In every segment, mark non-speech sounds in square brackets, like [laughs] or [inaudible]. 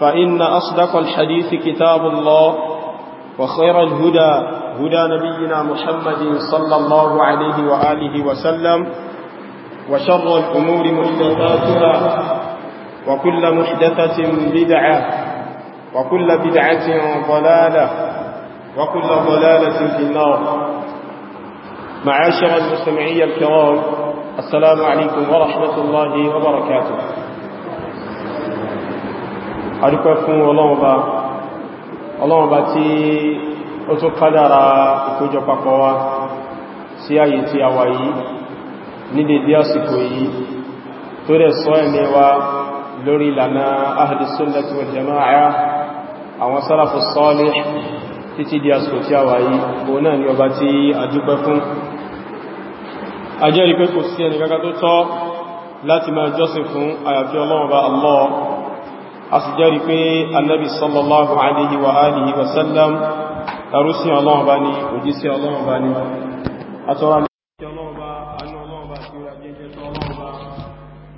فإن أصدق الحديث كتاب الله وخير الهدى هدى نبينا محمد صلى الله عليه وآله وسلم وشر الأمور محدثاتها وكل محدثة بدعة وكل بدعة ضلالة وكل ضلالة في النار معاشر المستمعي الكرام السلام عليكم ورحمة الله وبركاته adúpẹ́ fún ọlọ́wọ́ba ọlọ́wọ́ba tí ó tó kádàrà ìkójọ papọ̀ wa sí ayé tí a wà yìí ní dédé àsìkò yìí tó rẹ̀ sọ ẹ̀mẹ́ wa lórí ìlànà ahli di tí a wà ni ọba láti máa jọ́sìn fún àyàfi ọlọ́wọ́ba a sì jẹ́rìí pé annabi sallallahu alaihi wa alihi wa sallam ẹrú sí ọlọ́run bá ní òjí sí ọlọ́run bá ní àtọ́rà ní ọlọ́run bá anú ọlọ́run bá tí ó rà jẹ́jẹ́ tó ọlọ́run bá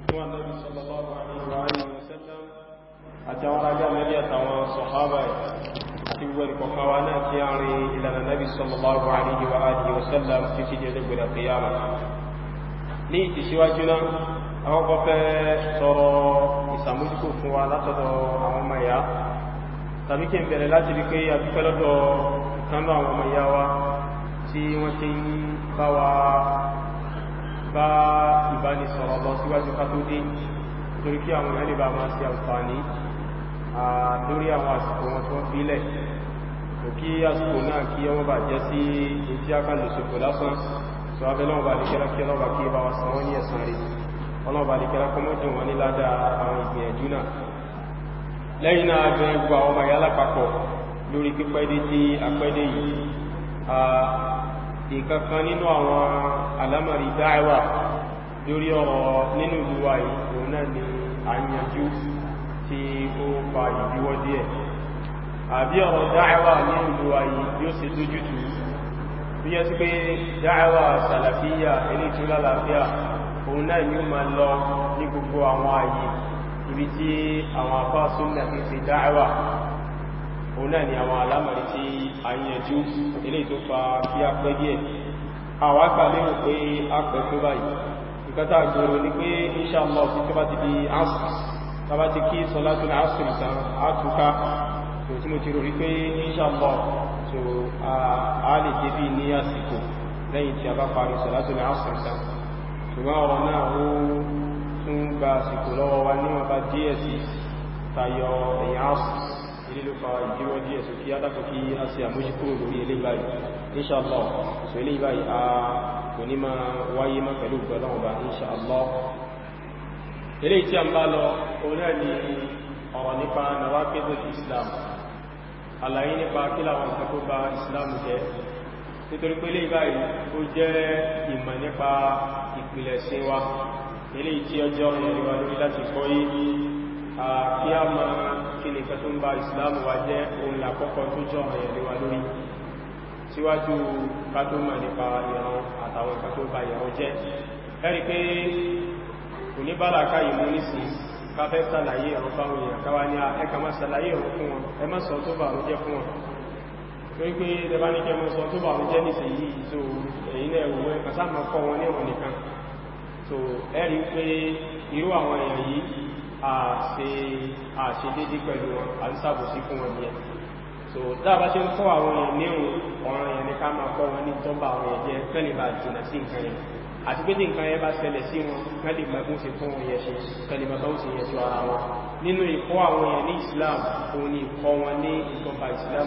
fún annabi sallallahu alaihi wa alihi wa sallam àti àwọn ará jẹ́ àtàwọn sọ̀hábà ìsàmójúkò fún wa látọ̀dọ̀ àwọn ọmọ ìyá tàbí kí n bẹ̀rẹ̀ láti rí pé àdúpẹ́ lọ́dọ̀ ìkánlọ́ àwọn ọmọ ìyá wa tí wọ́n ti ń bá wa bá ìbánisọ̀rọ̀ lọ síwájú ká tó dé torí kí àwọn ẹlẹ́bà máa ṣe àǹfààní lórí àwọn àsìkò wọn tó fílẹ̀ kí àsìkò náà kí ọmọ bà jẹ́ sí etí akálùsòkò lásán sọ abẹ́lọ́wọ́ bà wa sanwọ́ ní ẹ̀sàn ọlọ́ọ̀bá àdíkẹ́lá kọmọ́jì wọn ní ládàá àwọn ìgbìyànjú náà lẹ́yìn náà agbẹ̀rẹ̀ gbogbo àwọn ọmọ ìyá lápapọ̀ lórí pípẹ́dé tí apẹ́dé yìí ìkankan nínú àwọn alámọ̀rí dáẹ̀wà lórí ọ̀rọ̀ nínú ìlúwà ìkò náà ni àyànjú tí ó fa ìbíwọ́ díẹ̀ àbí ọ̀rọ̀ dáẹ̀wà nínú ìlúwà yóò sì lójútù bí yẹ́ sí pé dáẹ̀wà sàlàfíyà elé òun náà ni ó máa lọ ní gbogbo àwọn ààyè ibi tí àwọn afá súnnà fi ṣe dáẹ̀wà òun náà ni àwọn alámọ̀rí tí a ń yẹjú ilé tó fa kí a pẹ́ díẹ̀ àwọn akàlérò pé a pẹ́ tó báyìí ìkọta àgbèrò ni pé inṣàlọ́ sí a lè débí ní àsìkò lẹ́yìn tí a bá parí sọlátún asìs ṣùgbọ́n ọ̀rọ̀ náà ó tún gba àsìkò lọ́wọ́ wa níwọ̀n bá díẹ̀ sí tayọ ẹ̀yà áṣù ilé fa ìdíwọ́ díẹ̀ sí kí tí a ń bá lọ orílẹ̀ ni ọ̀rọ̀ nípa nawaqidul Islam àlàyé nípa kí láwọn bá Islam jẹ́ nítorí pé lè báyìí ó jẹ́ ìmọ̀ nípa ìpìlẹ̀ṣẹ̀ wa ilé tí ọjọ́ ọmọdé wa lórí láti kọ́ yìí kí a ma kí ní kẹtún bá ìsìláàmù wa jẹ́ ohun àkọ́kọ́ tó jọ ọmọdé wa lórí síwájú kátó mọ̀ nípa ìran àtàwọn kátó bá ìran jẹ́ ẹ̀rí pé kò ní bálàká ìmú nísì káfẹ́ wípé ẹbá ní kẹmọ sọ tó bà mú jẹ́ nìsẹ̀ yìí so èyí náà ẹ̀wọ̀n kàsáàmà kọ́ wọn ní ọ̀rọ̀ nìkan so ẹ̀rí pé irú àwọn èèyàn yìí àṣedédé pẹ̀lú wọn àrísàbòsí fún wọn yẹn so dábá ṣe ń kọ́ àwọn èèyàn ní ọ̀rọ̀ yẹn ní ká máa kọ́ wọn ní tọ́ba àwọn èèyàn jẹ́ kẹ́lẹ̀ bá jìnà sí nǹkan yẹn àti pé tí nǹkan yẹn bá ṣẹlẹ̀ Islam òun ni ìkọ́ wọn ní ìtọ́ba Islam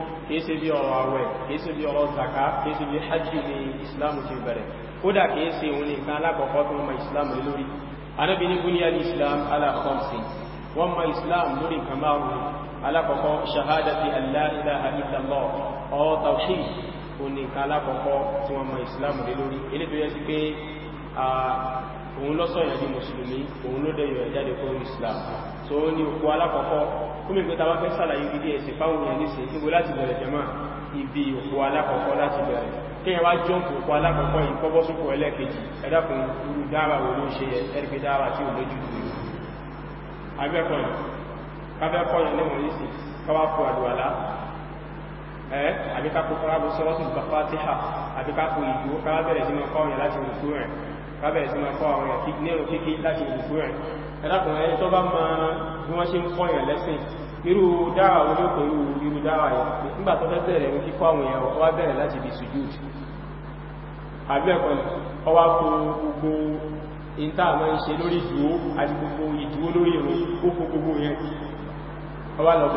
kèése bí ọ̀rọ̀ àwẹ̀ kèése bí ọ̀rọ̀ zaka kèése bí hajji ní islamu ti bẹ̀rẹ̀ kódà kèése òun ní nǹkan alákọ̀ọ́kọ́ tó mọ islamu lórí anábi ní búníyà ní islam ala khamsin wọ́n mọ islam lórí nǹkan márùn-ún alákọ̀ọ́kọ́ shahadati an ní nǹkan alákọ̀ọ́kọ́ tí wọ́n mọ islamu lórí ilé òun lọ́sọ̀ ìyàn bí mùsùlùmí òun ló dẹ̀ yọ̀ ìjáde fún Islam tó ó ní òkú alákọ̀ọ́kọ́ fún mi pẹ́ta bá fẹ́ sàlàyé ibi ẹ̀sìn fáwọn èèyàn níṣẹ́ níbo láti bẹ̀rẹ̀ jẹ́mà ibi òkú alákọ̀ọ́kọ́ láti bẹ̀rẹ̀ kíyàn wá jọ́ òkú alákọ̀ọ́kọ́ yìí kọ́bọ́sùkú ẹlẹ́ẹ̀kejì ẹ̀dàkùn irú dára wo ló ṣe ẹ̀rẹ́gbẹ̀ dára tí ó lójú jù agbẹ́kọ̀ọ́yìn kábẹ́kọ̀ọ́yìn lẹ́wọ̀n yìí sí káwá fún àdúwàlá ẹ́ àbíkápò kọ́rábù sọ́rọ́sùn bàfátíhà àbíkápò ìdúwó káwá bẹ̀rẹ̀ sínú kọ́ọ̀yìn láti rùkú rẹ̀ kábẹ̀ sí máa kọ́ àwọn ẹ̀kíkínẹ̀rù kíkí láti ìrùkú rẹ̀ ẹ̀dàkùn ẹni tó bá ma bí wọ́n ṣe ń kọ́ ìrìn lẹ́sìn irú dáwà ojú pẹ̀lú irú dáwà yìí nígbà tó fẹ́ ní kíkọ́ àwọn èèyàn ọwá bẹ̀rẹ̀ láti bí sujúd ọwá lọ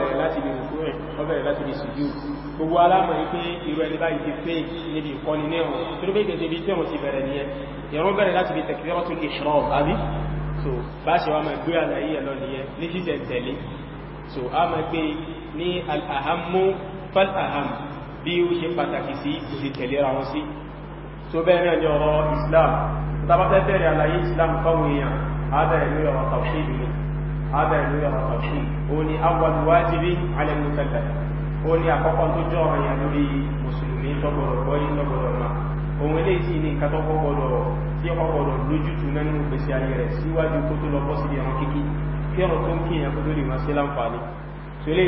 bẹ̀rẹ̀ láti bí sujúd gbogbo alámọ̀ yìí pé irú ẹni báyìí ti pé níbi ìkọni ní ọ̀rọ̀ tó lóbi ìgbésẹ̀ ibi tí wọ́n ti bẹ̀rẹ̀ nìyẹn ìrún bẹ̀rẹ̀ láti fi tẹ̀kìrọ́ tó lè ṣọ́ àbí so bá ṣe wá máa gbé àlàyé ẹ̀ lọ nìyẹn ní sísẹ̀ tẹ̀lé so a máa gbé ní al'ahammu fal'aham bí ó ṣe pàtàkì ó ní àkọ́kọ́ tó jọ ọ̀rọ̀ yẹn lórí mùsùlùmí tọ́gbọ̀dọ̀ bọ́yí tọ́gbọ̀dọ̀ ma òun ilé sí ní nǹkan tọ́gbọ̀dọ̀ tí ọkọ̀gbọ̀dọ̀ lójútu náà nínú gbèsè ayé rẹ̀ síwájú kó tó lọ bọ́ sí ẹran kíkí kí ọ̀rọ̀ tó ń kí èèyàn kó tó lè máa ṣe láǹfààní tó lè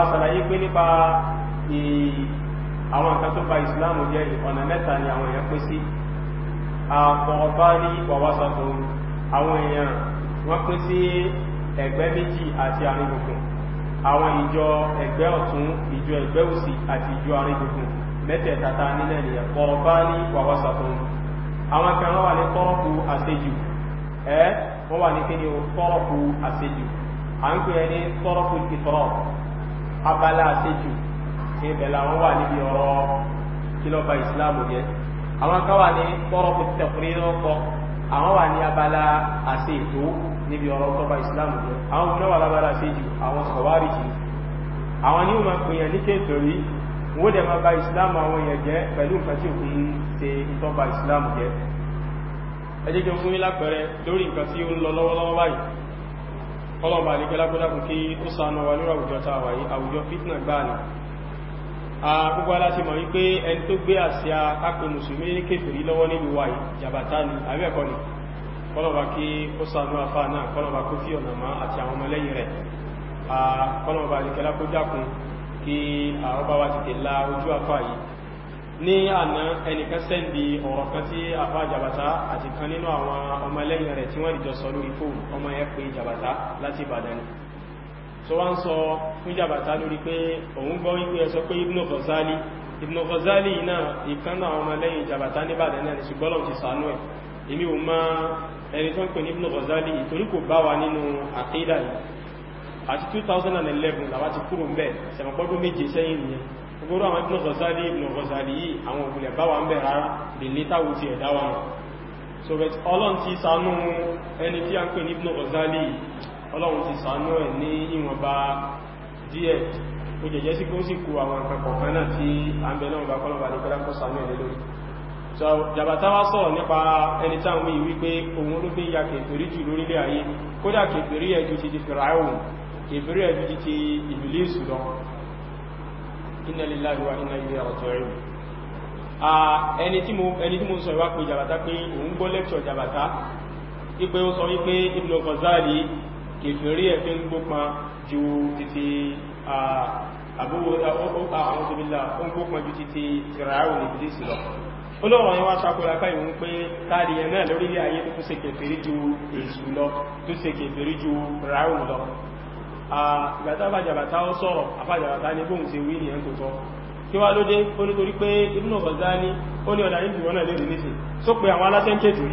a ṣàlàyé pé àwọn ba ìsìláàmù jẹ́ ọ̀nà ni àwọn èèyàn pín sí àkọ̀ọ̀bá ní wàwásà tó àwọn èèyàn wọ́n pín sí ẹgbẹ́ méjì àti àrígbùnkùn àwọn ìjọ ẹgbẹ́ ọ̀tún ìjọ ẹgbẹ́ òsì àti ìjọ aríngbùngbùn mẹ́tẹ̀ẹ̀ta ta nílẹ̀ nìyẹn kọ̀ọ̀bá ní wàwásà àwọn kan wà ní tọ́rọ̀kù àṣejù ẹ́ wọ́n wà ní kí ni ó àṣejù à ń pè ní abala àṣejù ibẹ̀ làwọn wà níbi ọ̀rọ̀ kílọ̀bà ìsìláàmù jẹ́ àwọn kan wà ní tọ́rọ̀kù tẹ̀kùnrin náà kọ àwọn wà ní abala àṣejù níbi ọ̀rọ̀ tọ́ba islam jẹ́ àwọn ọmọ náà lábára sí jù àwọn kọwárì jù àwọn ní ọmọ pèèyàn ní kéèkèrí wọ́n dẹ̀ máa ba islam àwọn èèyàn jẹ́ pẹ̀lú nǹkan tí òkú ń ṣe ìtọ́ba islam jẹ́ ẹ jẹ́ kí n fún yín lápẹẹrẹ lórí nǹkan tí ó ń lọ lọ́wọ́lọ́wọ́ báyìí kọlọ̀bà ní kẹlákọ́lákùn kí ni a gbogbo aláti mọ̀ wípé ẹni tó gbé àsíá kápẹ mùsùlùmí kéfèrí lọ́wọ́ nílùú wáyìí jàbátá ni àríẹ̀kọ́ ni kọlọ̀wà kí ó sànú àfà náà kọlọ̀wà kó fí ọ̀nà máa àti àwọn ọmọlẹ́yìn rẹ̀ kọlọ̀wà ìkẹlá kó dákun kí àwọn bá wá ti tèlá ojú àfà yìí ní àná ẹnìkan sẹ́ndì ọ̀rọ̀ kan tí àfà jàbàtà àti kan nínú àwọn ọmọlẹ́yìn rẹ̀ tí wọ́n ìjọ sọ lórí fóònù ọmọ ẹ pé jàbàtà láti Ìbàdàn so wá ń sọ fún jàbàtà lórí pé òun gbọ́ wípé ẹ pé Ibn Ghazali Ibn Ghazali náà ìkan náà ọmọlẹ́yìn jàbàtà ní Ìbàdàn náà ṣùgbọ́n lọ́n ti sànú ẹ̀ èmi ò máa ẹni tó ń pè ní Ibn Ghazali ìtorí kò bá wa nínú àkídà àti 2011 làwá ti kúrò mbẹ̀ sẹ̀mọ̀pọ́dún méje sẹ́yìn nìyẹn gbogbo àwọn Ibn Ghazali Ibn Ghazali yìí àwọn òkúlẹ̀ bá wa ń bẹ̀ rárá lè létàwó ti ẹ̀dá wa mọ̀ so but ọlọ́run ti ṣàánú ẹni tí a ń pè ní Ibn Ghazali ọlọ́run ti ṣàánú ẹ̀ ní ìwọ̀nba díẹ̀ ó jẹ̀jẹ́ sí kó sì jàbàtà wá sọ̀rọ̀ nípa ẹni táwọn mí wípé òun ló fi ya kèfèrí jù lórílẹ̀ ayé kódà kèfèrí ẹjú ti di fìràáhùn kèfèrí ẹjú ti ti ìbìlísù lọ inna lillahi wa inna ilayhi raji'un ẹni tí mo sọ ìwá pé jàbàtà pé òun gbọ́ lẹ́kṣọ̀ jàbàtà wípé ó sọ wípé Ibn Ghazali kèfèrí ẹ̀fẹ́ ń gbópa ju títí àbúwò àwọn òṣèlú ń gbópa ju títí fìràáhùn ìbìlísù lọ olóòrùn yíwá takòlákà ìwọ̀n pé tààrí ẹ̀ náà lórí ilé ayé tó ṣe kèfèrí ju èṣù lọ tó ṣe kèfèrí ju ráhùn lọ àgbàtà àbájàbàtà ó sọ̀rọ̀ àbájàbàtà ní bóhùn ṣe wí ní ẹ̀ tó tọ́ kí wá lóde ó nítorí pé Ibn Ghazali ó ní ọ̀dà níbi wọ́nà lèrè níṣe só pé àwọn aláṣẹ ń kéjì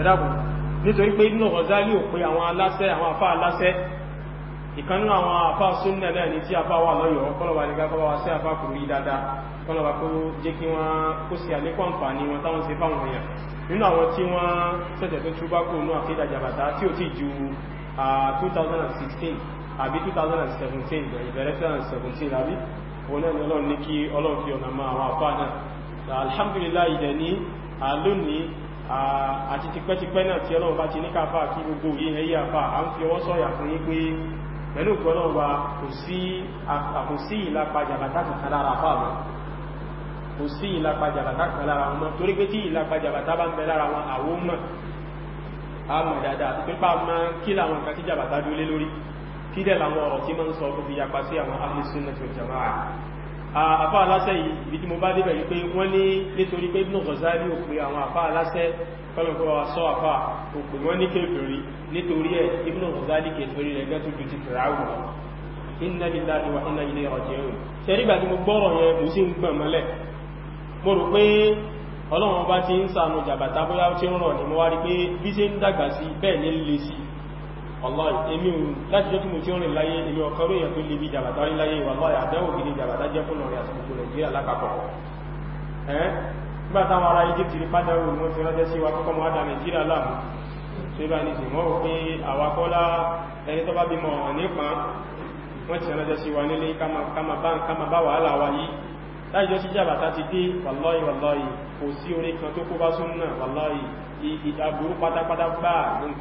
ẹ̀dàkùn nítorí ìkanú àwọn àfá súnnà náà ní tí àfá wà lọ́yọ̀ kọlọ̀wà ní gáfà wá sí àfá kùrú yí dáadáa kọlọ̀wà kó jẹ́ kí wọ́n kó sí àlékọ́ àǹfààní wọn táwọn sí fáwọn èèyàn nínú àwọn tí wọ́n sẹ̀tẹ̀ tó túbá kó nú ti ju 2016 2017 fi àti tipẹ́tipẹ́ náà tí bá ti ní káfà kí gbogbo yìí àfà à ń fi ọwọ́ sọ́yà fún yí pẹ̀lú ìgbọ́lọ́wà kò sí ìlàpàjàbàtà lára fáàmù kò sí ìlàpàjàbàtà kan lára wọn torí pé tí ìlàpàjàbàtà bá ń bẹ lára wọn àwọn mọ̀ àmọ̀ dáadáa pípa ma kí làwọn kan tí jàbàtà dúlé lórí kí dẹ̀ làwọn ọ̀rọ̀ tí mọ́ ń sọ fún fi yapa sí àwọn ahlus sunnah wal jamaa'ah àfá aláṣẹ yìí bí tí mo bá débẹ̀ yìí pé wọ́n ní nítorí pé Ibn Ghazali ò pé àwọn àfá aláṣẹ kọ́lọ̀kọ́ wa sọ àfá ò pé wọ́n ní kéfèrí nítorí ẹ̀ Ibn Ghazali kéfèrí rẹ̀ gẹ́tù ju ti fìràwù inna lillahi wa inna ilayhi raji'un ṣẹ́rígbà tí mo ní mo wá rí wàláì èmi ò láti jẹ́ tí mo ti rìn láyé èmi ọ̀kọ́rọ̀ èèyàn tó lè bí jàbàtà rí láyé wàláì àdáwò gidi jàbàtà jẹ́ fún ọ̀rẹ́ àsìkò nàìjíríà lápapọ̀ ẹ́ nígbà táwọn ará egypt rí pàdáwò ni wọ́n ti ránṣẹ́ sí wa kọ́kọ́ mọ́ àdá nàìjíríà láàmú tó bá ní ìwọ́n wọ́n pé àwakọ́lá ẹni tó bá bímọ nípa wọ́n ti ránṣẹ́ sí wa nílé kama bá wàhálà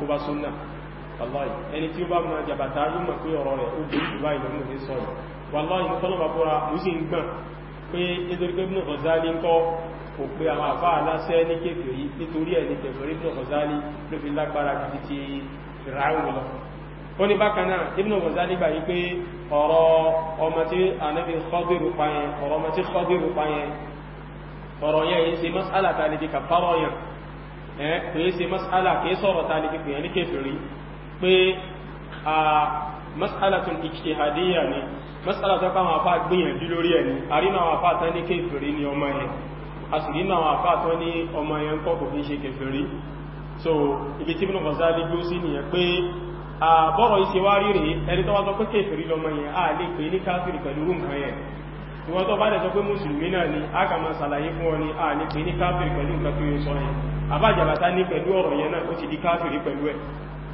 wa yìí wàláì ẹni tí ó bá mọ́ jàbàtà ló mọ̀ pé ọ̀rọ̀ rẹ̀ ó burú jùlọ ìlọ́mù ní sọ́rọ̀ wàláì mú tọ́lọ́bà bọ́ra mú sí ń gbọ́n pé nítorí pé Ibn Ghazali ń kọ́ kò pé àwọn àfá aláṣẹ́ ní kéfèrí nítorí ẹni kẹfẹ̀rí Ibn Ghazali ló fi lágbára kìí ti ráhùn lọ ó ní bákan náà Ibn Ghazali gbà yí pé ọ̀rọ̀ ọmọ tí anábi Khadiru pa yẹn ọ̀rọ̀ ọmọ tí Khadiru mas'ala ta lè fi kàfárọ̀ ní kéfèrí pé a masalatun ijtihadiyya ni masalatu káwọn afá gbìyànjú lórí ẹni àrínà àwọn afá tán ní kéfèrí ni ọmọ yẹn a sì rínà àwọn afá tán ní ọmọ yẹn kọ́ kò fi ṣe kéfèrí so ibi tí Ibn Ghazali gbó sí nìyẹn pé àbọ́rọ̀ iṣẹ́ wá rírí ẹni tó wá sọ pé kéfèrí lọmọ yẹn a lè pè ní káfìrí pẹ̀lú rú nǹkan yẹn ìwọ́n tó bá dẹ̀ sọ pé mùsùlùmí náà ni a kà máa sàlàyé fún ọ ni a lè pè ní káfìrí pẹ̀lú nǹkan tó yẹ sọ yẹn àbájàbátá ní pẹ̀lú ọ̀rọ̀ yẹn náà ó ti di káfìrí pẹ̀lú ẹ̀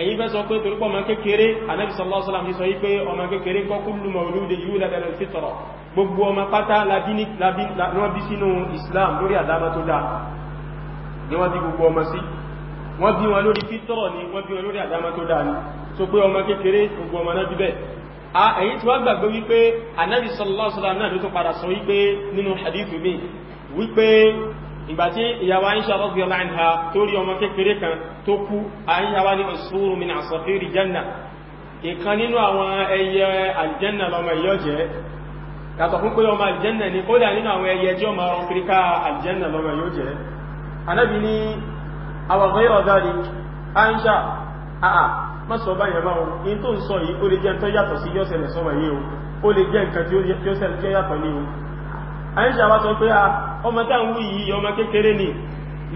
ẹ̀yin fẹ́ sọ pé torípọ̀ ọmọ kékeré anábì sallallahu alaihi wasallam sọ wípé ọmọ kékeré kọ́ kullu mawludin yulad ala al-fitra gbogbo ọmọ pátá wọ́n bí sínú islam lórí àdámá tó dáa ni wọ́n bí gbogbo ọmọ sí wọ́n bí wọn lórí fitra ni wọ́n bí wọn lórí àdámá tó dáa ni so pé ọmọ kékeré gbogbo ọmọ náà bí bẹ́ẹ̀ ẹ̀yin tí wọ́n gbàgbé wípé ìgbàtí ìyàwó àyíṣà rọ́bí ọlá ìhà tó rí ọmọ kékeré kan tó kú àyíṣà wá ní ọ̀sọ́rù mi náà sọ̀fẹ́rì jẹ́nà ìkan nínú àwọn ẹyẹ àjẹ́nà lọmọ ìyọ́jẹ́ yàtọ̀ fún pé ọmọ àjẹ́nà ni kódà nínú àwọn ẹyẹ tí ọmọ ọrọ̀ kíríká àjẹ́nà lọmọ ìyọ́jẹ́ anábì ní àwọ̀gbẹ́ ọ̀dárí àyíṣà àà mọ́sọ̀ bá yẹ̀ máa in tó àyíṣà wá sọ pé ọmọ tá ń wú yìí ọmọ kékeré ni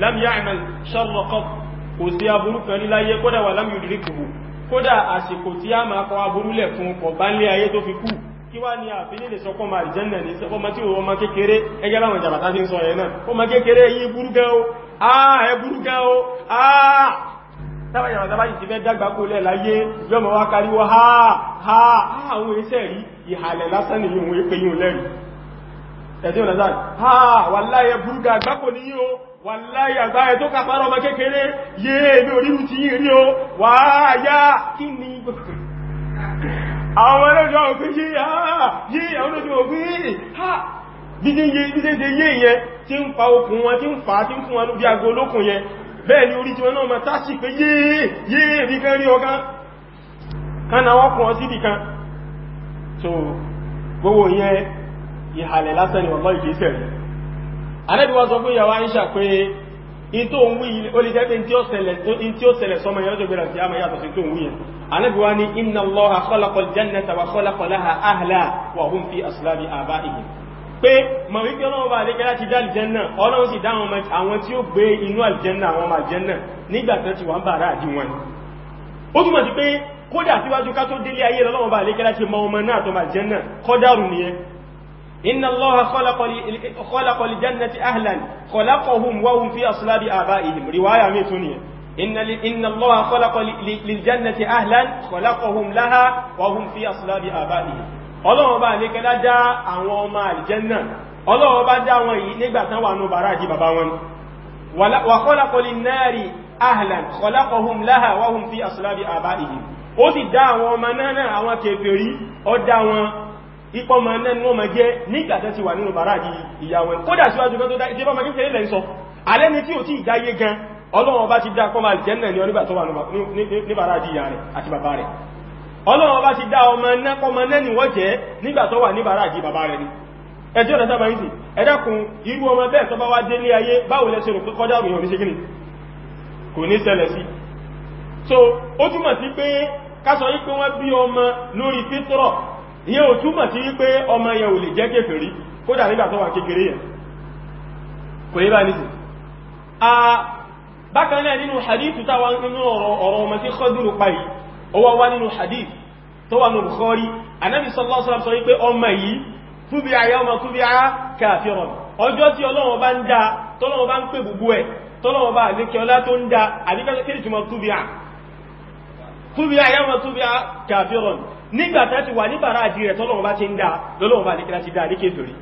lam ya'mal sharra qat kò sí aburú kan níláyé kódà wà lam yudrikuhu kódà àsìkò tí a máa kọ aburú lẹ̀ fún ọ̀bá ń lé ayé tó fi kú kí wá ní àfilé lè sọkọ́ ma ìjẹ́nà ní ọmọ tí ó ọmọ kékeré ẹgẹ́ láwọn ìjàbàtà tí ń sọ ẹ̀ náà ọmọ kékeré yí ẹ̀dí ọ̀nà sáà ha wàláyé burúkà àgbákò ní yíò wàláyé àgbáyé tó kàfàrọ ọmọ kékeré yé èmi orílù ti yìí rí o wáyá kí ni àwọn ha dídé yé dídé dé yé yẹn tí ń fa okùn wọn tí ń fa tí ń fún wọn bí so gbogbo yẹn ìhàlẹ̀ lásán ni wọ́n ìgbésẹ̀ rí anẹ́bí wọ́n sọ fún ìyàwó àyíṣà pé in tó ń wí ó lè jẹ́ pé in tí ó ṣẹlẹ̀ sọmọ yẹn lọ́jọ́ gbẹ̀rẹ̀ tí a máa yàtọ̀ sí tó ń wí yẹn anẹ́bí wọ́n ni inna Allaha khalaqal jannata wa khalaqa laha ahlaha wa hum fi aslabi aba'ihim pé mọ̀ wípé ọlọ́run bá àdékẹ́ láti dá àlìjẹ́nà ọlọ́run sì dá àwọn tí ó gbé ká tó délé ayé lọ́lọ́run bá àdékẹ́ láti mọ ọmọ náà tó àlìjẹ́nà kọ́dàrù nìyẹn إن الله خلق خلق الجنة أهلا خلقهم وهم في أصلاب آبائهم رواية ميتونية إن إن الله خلق للجنة أهلا خلقهم لها وهم في أصلاب آبائهم Ọlọ́run bá ní kẹlá dá àwọn ọmọ àlìjẹ́nà Ọlọ́run bá dá wọn yìí nígbàtán wà ní bàrájì bàbá wọn wà kọ́lákọ́lì náàrí ahlan kọ́lákọ́hùn láhà wáhùn fi asìlábi àbá ìhìn ó ti dá àwọn ọmọ náà àwọn kèfèrí ó dá wọn ipọ́ ma náà ní wọ́n ma jẹ́ nígbàtẹ́ ti wà nínú bàrá ìyàwó kódà síwájú kan tó dá ìdíbọ́ ma kéfèé lẹ́ ń sọ alẹ́ ni tí ò tí ìdáyé gan ọlọ́run bá ti dá kọ́ ma jẹ́ náà ní ọdígbà wà ní bàrá ìyà rẹ̀ àti bàbá rẹ̀ ni wọ́n jẹ́ nígbà tó wà ní bàrá ni ẹjọ́ ọ̀dá sábà yìí ẹ̀dàkùn irú ọmọ bẹ́ẹ̀ tó bá wá so ó túmọ̀ sí pé ká sọ yí pé wọ́n lórí pétrọ̀ ìyẹn ò túmọ̀ sí wípé ọmọ yẹn ò lè jẹ́ kèfèrí kódà nígbà tó wà kékeré yẹn kò yíba nìsì bákan náà nínú hadithu táwa nínú ọ̀rọ̀ ọmọ tí Khadiru pa yìí ó wá wá nínú hadith tó wà ní Bukhari anábi sallallahu alaihi wasallam sọ wípé ọmọ yìí túbí ayá ọmọ túbí ayá kafiran ọjọ́ tí Ọlọ́run bá ń dá nígbàtá ti wà ní bàrá àjí rẹ̀ tọ́lọ́wọ́ bá ti ń dáa lọ́lọ́wọ́ bá níkẹ́lá ti dáa ní kéfèrí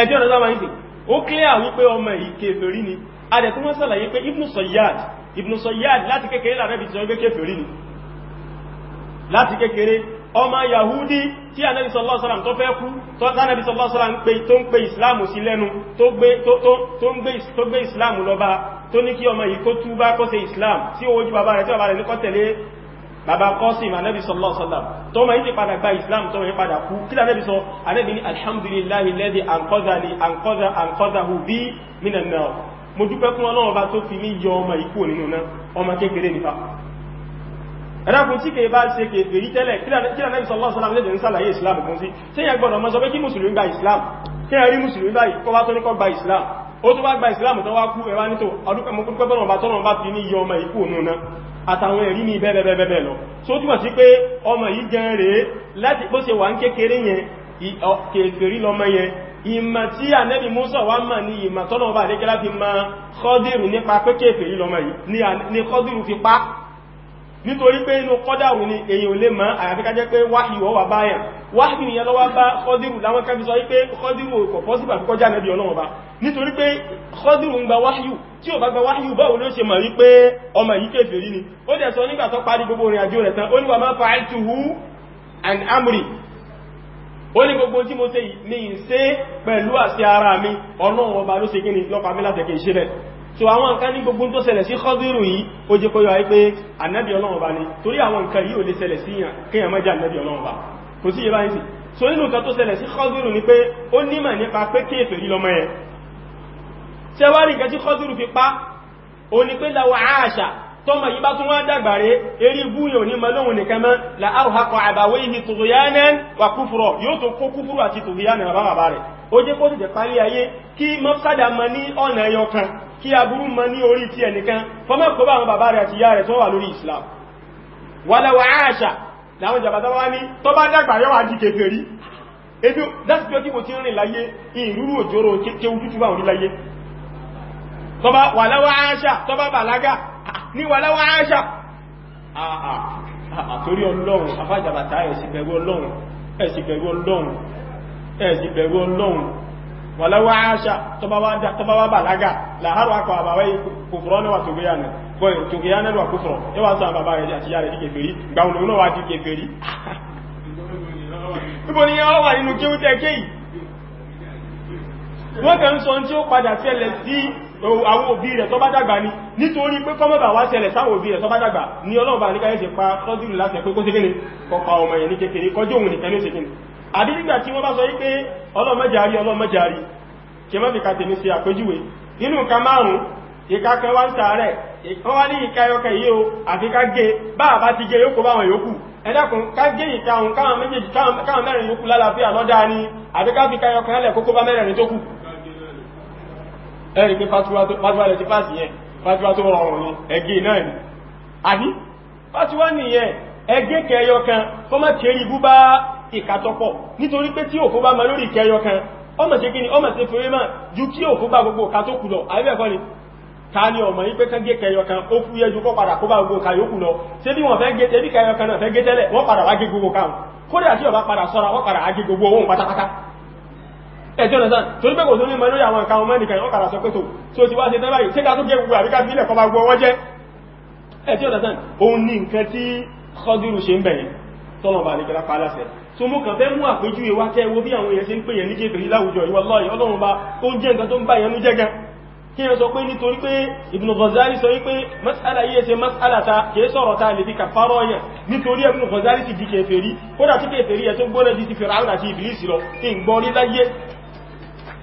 ẹjọ́ ọ̀nà sáwọn ìsìn ó kílẹ̀ wípé ọmọ yìí kéfèrí ni adẹ̀kún wọ́n sàlàyé pé ibn Sayyad ibn Sayyad láti Yahudi tí Ànábì sallallahu alaihi wasallam tó fẹ́ kú tó tánàbí sallallahu alaihi wasallam tó ń gbé ìsìláàmù sí lẹ́nu tó gbé ìsìláàmù lọ bá tó ní kí ọmọ yìí kó túbá kó ṣe ìsìláàmù tí ó wójú bàbá rẹ̀ tí bàbá rẹ̀ ní kó tẹ̀lé bàbá Qasim anẹ́bí sallallahu alaihi wasallam tó ma yí padà gba islam tó yí padà kú kí lẹ́bí sọ anẹ́bí ni alhamdulillahi alladhi anqadhani anqadhahu bi minan nar mo dúpẹ́ fún Ọlọ́run bá tó fi ní yọ ọmọ ikú nínú náà ọmọ kékeré nípa ẹ̀dàkùn tí kèé bá ṣe kèé fèrí tẹ́lẹ̀ kí lẹ́nà ìsọ̀lọ́ sọ́lá lẹ́dẹ̀ ń sàlàyé islam fún sí tí yẹ gbọ́nà mọ́ sọ pé kí mùsùlùmí gba islam kí ẹ rí mùsùlùmí báyìí kọ́ wá tó ní kọ́ gba islam ó tó bá gba islam tó wá kú ẹwà nítò ọdún pẹ̀mọ́kúnpẹ́bọ̀nà àtàwọn ẹ̀rí ní bẹ́ẹ̀bẹ́ẹ̀bẹ́ẹ̀ lọ so túnmọ̀ sí pé ọmọ yìí gan rẹ̀ láti bó ṣe wà ń kékeré yẹn kèfèrí lọmọ yẹn ìmọ̀ tí ànẹ́bì Mùsá wá mọ̀ ní ìmọ̀ tọ́nà ọba àdékẹ́lá fi ma kọ́dìrù nípa pé kèfèrí lọmọ ni kọ́dìrù fi pa nítorí pé inú kọ́dàrù ni èyàn ò lè mọ̀ àyàfi ká wáhìdì nìyẹn lọ́wọ́ bá kọ́dírù láwọn kan fi sọ wípé kọ́dírù kò pọ́síbà fi kọjá nẹ́bí ọlọ́wọ́ bá nítorí pé kọ́dírù ń gba wáhìyù tí ò bá gba wáhìyù báwo ló ṣe mọ̀ rí ọmọ yìí kèfèrí ni ó dẹ̀ sọ nígbà tó parí gbogbo ìrìn àjò rẹ̀ tán ó ní wà máa fa amri ó ní gbogbo tí mo ṣe ní ìṣe mi ọlọ́run ọba ló ṣe kíni lọ́pàá mi so àwọn nǹkan ní gbogbo tó ṣẹlẹ̀ sí kọ́dírù yìí ó jẹ́ kó yọ wípé ànábì ọlọ́run ọba ni torí àwọn nǹkan kò sí ìbá ìsìn so nínú nǹkan tó ṣẹlẹ̀ sí Khadiru ni pé ó nímọ̀ nípa pé kéèfè rí lọmọ yẹn tí a wá rí nǹkan tí Khadiru fi pa ó ní pé láwọ àṣà tọmọ yìí bá tún wọ́n dàgbàre eré búyàn ní mọ́lọ́hun nìkan mọ́ la áhùhakọ̀ àbàwẹ́ ihi tòhìyánẹ́ wà kúfùrọ̀ yóò tó kó kúfùrọ̀ àti tòhìyánẹ́ bàbá bàbá wàlàwà àṣà láwọn jàbátá wá ní tó bá dàgbà yọ́ wà jíkẹ fẹ́ rí ebi láti pé kí mo ti rìn láyé ìrúrú òjòrò kéwú tútù báwọn níláyé tó bá wà láwọ́ aṣà tó bá bàlágà ní wà láwọ́ aṣà àtorí ọlọ́run afájàbàtà ẹ̀sì bẹ̀rù ọlọ́run ẹ̀sì bẹ̀rù ọlọ́run ẹ̀sì bẹ̀rù ọlọ́run wà láwọ́ aṣà tó bá wà bàlágà làhárọ̀ bọ́ ìtòkè yánẹ́lù àkúfọ̀ ẹ wá sáà bàbá rẹ̀ àti yá rẹ̀ díkẹ̀ fèrí gbàun lòun náà wá díkẹ̀ fèrí níbo ni yán wà nínú kéwú wọ́n ń sọ tí ó padà sí àwọn ni nítorí pé wá sáwọn òbí rẹ̀ bá ni ọlọ́ọ̀bà ní káyẹ̀ pa láti ẹ̀kọ́ sí kọpa ọmọ ẹ̀ ní kékeré kọjú òun nìkan wọ́n wá ní ìka ẹyọkẹ̀ yìí o àfi ká gé bá àbá ti gé yókò báwọn yòókù ẹ̀dẹ́kùn ká gé ìka òun káwọn méjèèjì káwọn mẹ́rin yòókù lálàáfíà lọ́dá ní àbí ká fi ká ẹyọkẹ̀ ẹlẹ̀ kókó bá mẹ́rin tó kù ẹ̀rì pé fatuwa lẹ̀ ti pàtì e ni àbí fatuwa nìyẹn ẹgbẹ́ kẹyọkan kó má tẹ́rí bú bá ìkàtọ́pọ̀ nítorí pé tí òfó bá ma lórí kẹyọkan ọmọ sí kí ni ọmọ sí fèrè máa ju kí òfó bá gbogbo ìkàtọ́kù lọ àìbẹ̀kọ́ ni ta ni ọmọ yí pé kán gé kẹyọkan ó kú yẹjú kọ́ padà kó bá gbogbo ka yókù lọ ṣé bí wọ́n fẹ́ gé tẹ́bí kẹyọkan náà fẹ́ gé tẹ́lẹ̀ wọ́n padà wá gé gbogbo káwọn kódà tí ọba padà sọ́ra wọ́n padà agé gbogbo owó pátápátá ẹjọ́ nàzán torí pé kò tó ní mọ lórí àwọn nǹkan ọmọ ẹnìkan wọ́n padà sọ pé tó tí ó ti wá ṣe tẹ́lá yìí ṣéka tó gé gbogbo àríká bílẹ̀ kọba gbogbo wọ́n jẹ́ ẹjọ́ nàzán òun ní nǹkan tí kọdúrù ṣe ń bẹ̀yẹn tọ́lọ̀ bá nìkan lápá aláṣẹ so mo kàn fẹ́ mú àpéjúwe wá kẹ́ wo bí àwọn èèyàn ṣe ń pè yẹn ní kéfèé láwùjọ ìwọlọ́yìn ọlọ́run bá ó jẹ́ nǹkan tó ń bá yẹn nú jẹ́gẹ́ kí ẹ sọ pé nítorí pé Ibn Ghazali sọ wípé mas'ala yíẹ ṣe mas'ala ta kìí sọ̀rọ̀ ta lè fi kàfàrọ̀ yẹn nítorí Ibn Ghazali ti di kèfèrí kódà tí kèfèrí ẹ̀ tó gbọ́nà di ti Fir'aun àti Ìbílísì lọ tí ń gbọ́rí láyé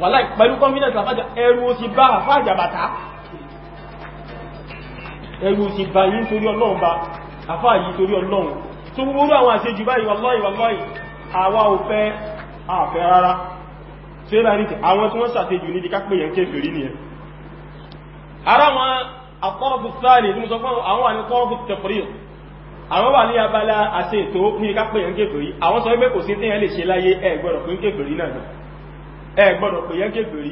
wàlá pẹ̀lú confidence àfájà ẹrù ó ti bá àfájà bàtà ẹrù ó ti bá yí nítorí Ọlọ́run bá àfá yìí torí Ọlọ́run tó gbogbo àwọn àṣejù báyìí wallahi wallahi àwa ò fẹ́ àfẹ́ rárá tí wọ́n ṣàṣejù níbi ká pè yẹn kéfèrí nìyẹn ara wọn akọ́rọ̀fù sáàlì tí mo sọ fún àwọn wà ní kọ́rọ̀fù tẹ̀fúrí àwọn wà ní abala àṣẹ ètò ní ká pè yẹn kéferì àwọn sọ pé kò sí téèyàn lè ṣe láyé ẹ pé yẹn kéferì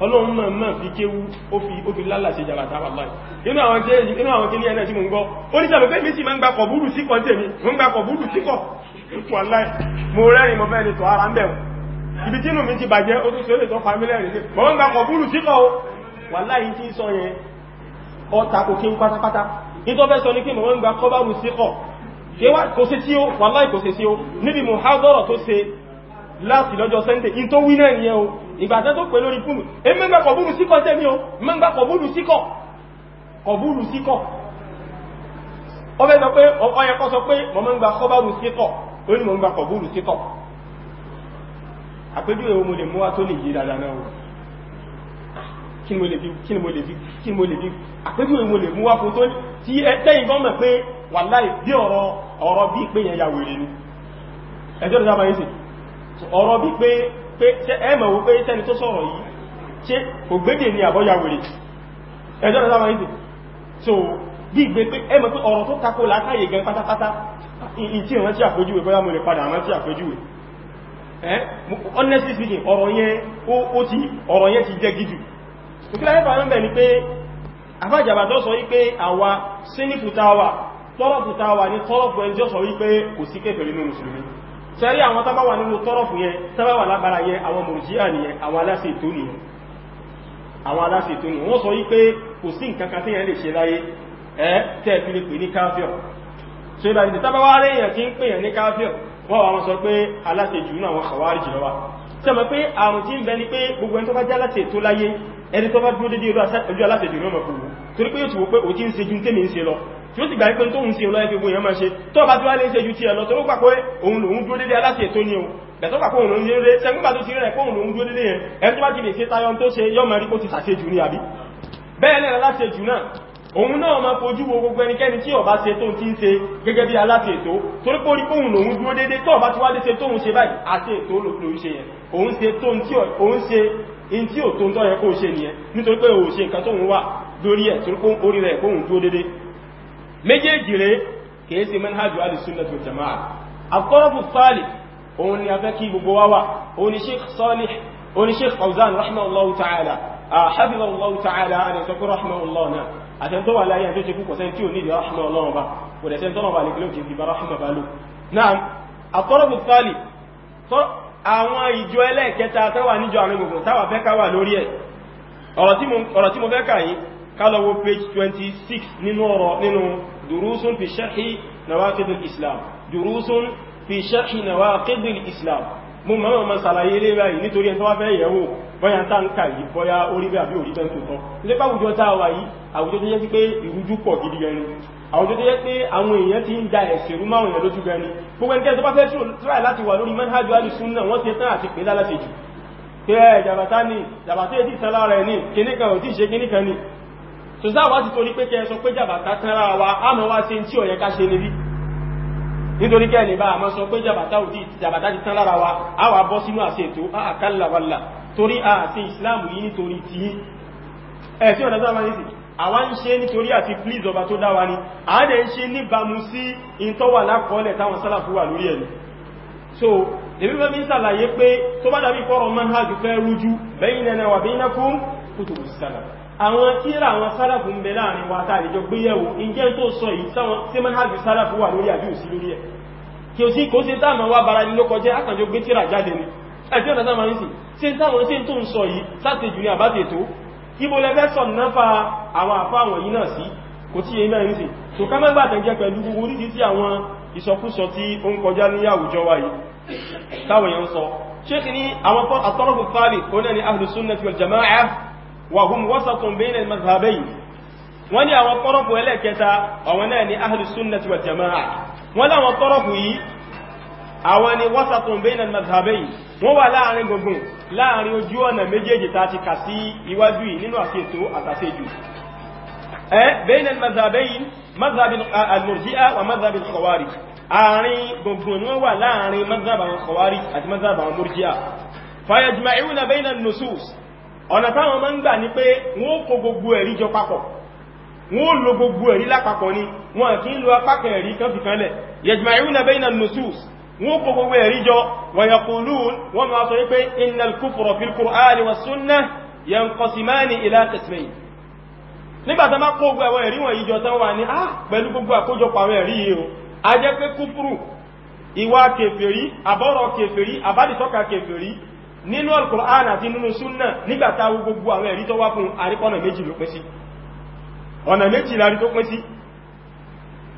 ọlọ́run náà náà fi kéwú ó fi lálà ṣe jàrà tàbà láì inú àwọn tí inú àwọn kíní ẹ̀nà tí mo ń gọ́ ó ní sàbẹ̀fẹ́ mi sì máa ń gba kọ̀búrù síkọ̀ tèmi mo ń gba kọ̀búrù síkọ̀ wà láì mo rẹ́rìn mo fẹ́ lè tọ́ ara ń bẹ̀rù ibi tínú mi ti bàjẹ́ ó tún sọ́lẹ̀ tọ́ famílẹ̀rì mo ń gba kọ̀búrù síkọ̀ wà láì tí sọ yẹn ọta kò kí láti lọ́jọ́ sunday in tó wí náà nìyẹn o ìgbàtẹ́ tó pè lórí fúnmù e mẹ́gbà kọ̀búrú síkọ̀ tẹ́mi o mẹ́gbà kọ̀búrú síkọ̀ kọ̀búrú síkọ̀ ó fẹ́ sọ pé ọyẹ kọ́ sọ pé mọ́ mẹ́gbà kọ́bárù síkọ̀ ó ní mọ́ mẹ́gbà kọ̀búrú síkọ̀ àpéjúwe o mo lè mú wá tó lè yé dáadáa náà o kí mo lè fi mo lè fi kí ni mo lè mo lè mú wá fún tó tí tẹ́yìn gan mọ̀ pé wàláì bí ya wèrè ni ẹjọ́ ìjábá yìí sì ọ̀rọ̀ bí pé ẹmọ̀ wípé sẹ́ni tó sọ̀rọ̀ yìí ṣe ògbédè ní àbọ́yàwèrè ẹjọ́ ọ̀rọ̀ sáwọn ìdí so bí ìgbé pé ẹmọ̀ pé ọ̀rọ̀ tó takò látàyè gan pátápátá in tí ìrántí àpéjúwe bóyá mo lè padà rántí àpéjúwe honestly speaking ọ̀rọ̀ yẹn ó ti ọ̀rọ̀ yẹn ti jẹ́ gíjù òkúlẹ̀ ẹ̀fà ń bẹ̀ ni pé àfájàbà tó sọ wípé àwa sínìfù táwà tọ́rọ̀fù táwà ní tọ́rọ̀fù ẹni tí ó sọ wípé kò sí sẹ́rí àwọn tábá wà nínú tọ́rọ̀fù yẹn tábá wà lágbára yẹn àwọn mùrùjíà nìyẹn àwọn aláṣẹ ètò nìyẹn àwọn aláṣẹ ètò nìyẹn wọ́n sọ yí pé kò sí nǹkan kan téèyàn lè ṣe láyé ẹ́ tẹ́ fi lè pè ní káfíọ̀ so ìgbà ìdí tábá wá rí èèyàn tí ń pèèyàn ní káfíọ̀ wọ́n wà wọ́n sọ pé yóò sì gbà pé tóhun sí ọlọ́yẹ́ gbogbo èèyàn máa ṣe tó bá tí wá lè ṣe ju ti ẹ̀ lọ tó gbà pé òun lòun dúró dédé aláṣẹ tó ní o bẹ̀tọ́ gbà pé òun lòun dédé sẹ́gbùgbà tó ti rẹ̀ pé òun lòun dúró dédé yẹn ẹni tó bá ti lè ṣe tayọ tó ṣe yọ́ máa rí kó ti ṣàṣejù ní àbí bẹ́ẹ̀ lẹ́rẹ̀ aláṣẹ jù náà òun náà máa fojú wo gbogbo ẹnikẹ́ni tí ó bá ṣe tó ti ń ṣe gẹ́gẹ́ bí aláṣẹ ètò torí pé orí kóhun lòun dúró dédé tó bá ti wá lè ṣe tóhun ṣe báyìí àti ètò lòun ṣe yẹn òun ṣe in tí ò tó ń tọ́ yẹ kó ṣe nìyẹn nítorí pé òun ṣe nǹkan tóhun wà lórí ẹ̀ torí pé orí rẹ̀ kóhun dúró dédé méjèèjì rẹ̀ kìí sí manhajjú alìsúnnàtò jama'a akọ́rọ̀fù fàálì òun ni afẹ́ kí gbogbo wáwà òun sheikh fauzan rahimahullahu ta'ala a ah, hafizahullahu ta'ala a da sọkún rahimahullahu na a tẹ́ tó wà láyé àjọ́ jẹ́kú kọsẹ́ tí ò ní di rahimahullahu ba kò dẹ̀ tẹ́ tọ́nà wà lẹ́gbẹ̀lẹ́ òkè ìbá rahimahullahu náà akọ́rọ̀fù fàálì àwọn ìjọ ẹlẹ́ẹ̀kẹta tẹ́wà níjọ àrin gbogbo táwà fẹ́ ká wà lórí ọ̀rọ̀ tí mo fẹ́ kà kálọ̀wọ́ page 26 nínú ọ̀rọ̀ nínú durusun fi sharhi nawaqidul islam durusun fi sharhi nawaqidul islam mú mọ́mọ̀ mọ́ sàlàyé ilé báyìí nítorí ẹntọ́wà fẹ́ yẹ̀wò bọ́yá tá ń kà yìí bọ́yá orí bẹ́ àbí òrí tẹ́ntò tán nípa àwùjọ tá a wà yìí àwùjọ tó yẹ sí pé ìrújú pọ̀ gidi gan ni àwùjọ tó yẹ pé àwọn èèyàn ti ń da ẹ̀sẹ̀rú máwọn èèyàn lójú gan ni gbogbo ẹnikẹ́ni tó bá fẹ́ tíráì láti wà lórí manhajj alùsùnà wọ́n ti tán àti pè lálásẹ̀jù pé ẹ̀ jàbátá ni jàbátá èdè ìsẹ́lára ẹ̀ ní kíníkan ò tí ì ṣe kíníkan ni so sáà wá sí torí pé kẹ́ sọ pé jàbàtà kanra wa a mọ̀ wá sí tí ó yẹ ká ṣe lérí nítorí kẹ́ lè bá a mọ́ sọ pé jàbàtà ò tán lára wa a wà bọ́ sínú àṣẹ ètò a kalla walla torí a àṣẹ ìsìláàmù yìí nítorí tí ẹ̀ sí ọ̀nà sáà àwa ń ṣe nítorí àti please ọba tó dá wa ni a dẹ̀ ń ṣe níbàmú sí ìntọ́wà lákọọ́lẹ̀ táwọn sálàfù wà lórí ẹni so ìbíbẹ́ mi sàlàyé pé tó bá dàbí kọ́rọ̀ manhajù fẹ́ rújú bẹ́yìn ẹ̀nà wà bí inákún kútùbù sálàfù àwọn tíra àwọn sálàfù ń bẹ láàrin wa tàà lè jọ gbéyẹ̀wò ìjẹ́ tó sọ yìí tí mọ́ hajjú sálàfù wà lórí àbí òsì lórí ẹ̀ kí o sí kó sí táàmà wá bára ní lókọ jẹ́ àkànjọ gbé tíra jáde ni ẹ̀tí ọ̀nà táàmà nísì sí táwọn sí tó ń sọ yìí láti jù ní àbáte tó ibo lẹfẹ́ sọ náfà àwọn àfá àwọn yìí náà sí náà nísì tó náà ní ahlus sunnati وهم وسط بين المذهبين wọ́n ní àwọn tọ́rọ̀fù ẹlẹ́ẹ̀kẹta àwọn náà ni ahìlùsúnnàtí wal jama'a wọ́n láwọn tọ́rọ̀fù yìí àwọn ni wasatun bayna al-madhhabayn wọ́n wà láàrin gbogbo láàrin ojú ọ̀nà méjèèjì ta ti kà sí iwájú yìí nínú àṣètò àtàṣejù bayna al-madhhabayn madhhab al-murji'a ọ̀nà táwọn máa ń gbà ní pé wọ́n kó gbogbo ẹ̀rí jọ papọ̀ wọ́n lo gbogbo ẹ̀rí lápapọ̀ ni wọ́n kí ń lo apákan ẹ̀rí kan fi kanlẹ̀ yajma'una bayna nusus wọ́n kó gbogbo ẹ̀rí jọ wa yaqulun wọ́n máa sọ wípé innal kufra fil qur'ani was sunnah yanqasimani ila qismayn nígbàtà má kó gbogbo ah, ìwà kèfèrí àbọ́rọ̀ kèfèrí àbádìsọ́kà kèfèrí nínú al-Qur'an àti nínú súnnà nígbàtà gbogbo àwọn ẹ̀rí tó wá fún àríkọ́nà méjì ló pín sí ọ̀nà méjì lárí tó pín sí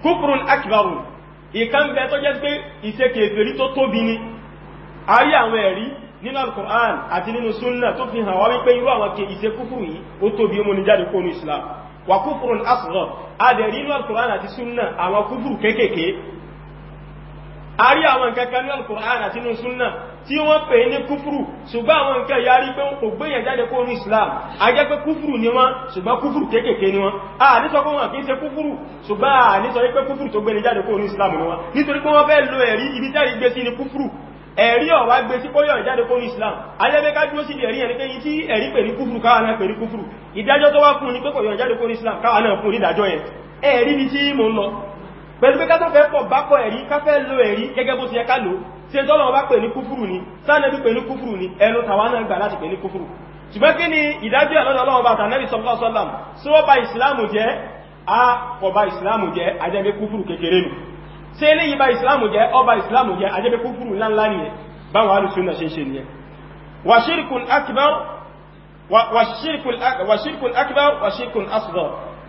kufrun akbaru ìkan bẹ tó jẹ́ pé ìṣẹ́kẹ̀ èfèrí tó tóbi ni a rí àwọn ẹ̀rí nínú al-Qur'an àti nínú súnnà tó fi hàn wá wípé irú àwọn kẹ ìṣẹ́ kúfùrù a rí àwọn nǹkan kan ní al-Qur'an àti ní súnnà tí wọ́n pè ní kúfùrù ṣùgbọ́n àwọn nǹkan ya rí pé kò gbéyàn jáde kó ní Islam a jẹ́ pé kúfùrù ni wọ́n ṣùgbọ́n kúfùrù kéékèèké ni wọ́n a ní sọ pé wọn kìí ṣe kúfùrù ṣùgbọ́n a ní kúfùrù tó Islam ni wọ́n nítorí pé wọ́n fẹ́ lo gbé ni kúfùrù ẹ̀rí ọ̀wà gbé sí kó yọ Islam ayẹ́bẹ́ká dúró sí ẹ̀rí ẹni kéyí tí ẹ̀rí pè ní kúfùrù káwà náà pè ní kúfùrù ìdájọ́ tó wá fún ní pé Islam káwà náà fún ìdájọ́ yẹn ẹ̀rí ni tí pẹ̀lú pé kátó fẹ́ pọ̀ bápọ̀ ẹ̀rí káfẹ́ lo ẹ̀rí gẹ́gẹ́ bó ti yẹ ká lò tí ẹ tọ́lọ̀ bá pè ní kúfùrù ni sáàdẹ̀bí pè ní kúfùrù ni ẹnu tàwa náà gbà láti pè ní kúfùrù ṣùgbọ́n kí ni ìdájọ́ àlọ́dọ̀ ọlọ́run bá tànẹ́bì sọ́lọ́sọ́lọ́m sí wọ́n ba ìsìláàmù jẹ́ a kò ba ìsìláàmù jẹ́ ajẹ́bẹ́ kúfùrù kékeré nù sí eléyìí ba ìsìláàmù jẹ́ ọba ìsìláàmù jẹ́ ajẹ́bẹ́ kúfùrù ńláńlá nìyẹn báwọn alùsùn náà ṣe ń ṣe nìyẹn wàṣírkùn akbar wàṣírkùn akbar wàṣírkùn asghar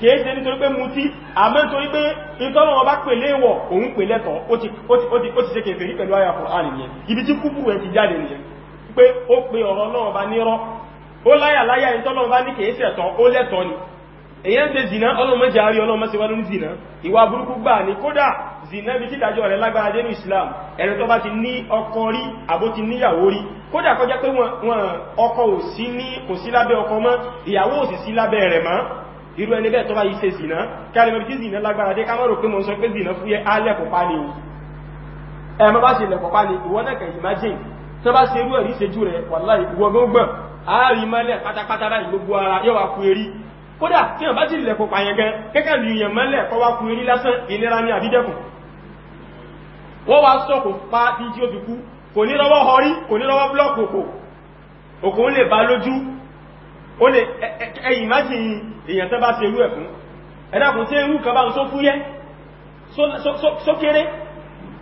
kèése nítorí pé mutí àmọ́ nítorí pé ìtọ́nà wọn bá pèlé wọ̀ òun pèlé tọ́ ó ti ṣe kèfèrí pẹ̀lú àyà Kùránì nìyẹn ibi tí kúkúrú ẹ̀ ti jáde nìyẹn pé ó pe ọ̀rọ̀ náà bá nírọ́ ó láyà láyà ìtọ́nà bá ní kèése ẹ̀tọ́ ó lẹ́tọ́ ni èyàn ṣe zìnà ọlọ́mọdé àárí ọlọ́mọdé wà lórí zìnà ìwà burúkú gbà ní kódà zìnà bí tí ìdájọ́ rẹ̀ lágbára Islam ẹni tó bá ti ní ọkọ rí àbó ti níyàwó rí kódà kọjá pé wọn ọkọ ò sí ní irú ẹni bẹ́ẹ̀ tó bá yìí ṣe zìnà kẹrìmọ̀ tí zìnà lágbára dé kámọ́rò pé mo sọ pé zìnà fúyẹ́ alẹ́kọ̀ọ́pá ni ẹmọ bá ṣe lẹ̀kọ̀ọ́pá ni ìwọ́nẹ̀kẹ̀ imagine tó bá ṣe irú ẹ̀rí ṣe jù rẹ̀ wàláì ìwọ̀gbọ̀n ààrí mọ́lẹ̀ pátápátá láì gbogbo ara yóò wá kú erí kódà tí wọ́n bá ti lẹ̀kọ̀ pààyàn gan kẹ́kẹ́ lè yàn mọ́lẹ̀ kọ́ wá kú erí lásán ìnira ní àbídẹ́kùn wọ́n wá sọ́kò pa bí èèyàn tẹ́ bá ṣe irú ẹ̀ fún ẹ̀dàkùn tí irú kan bá ń só fúyẹ́ só kéré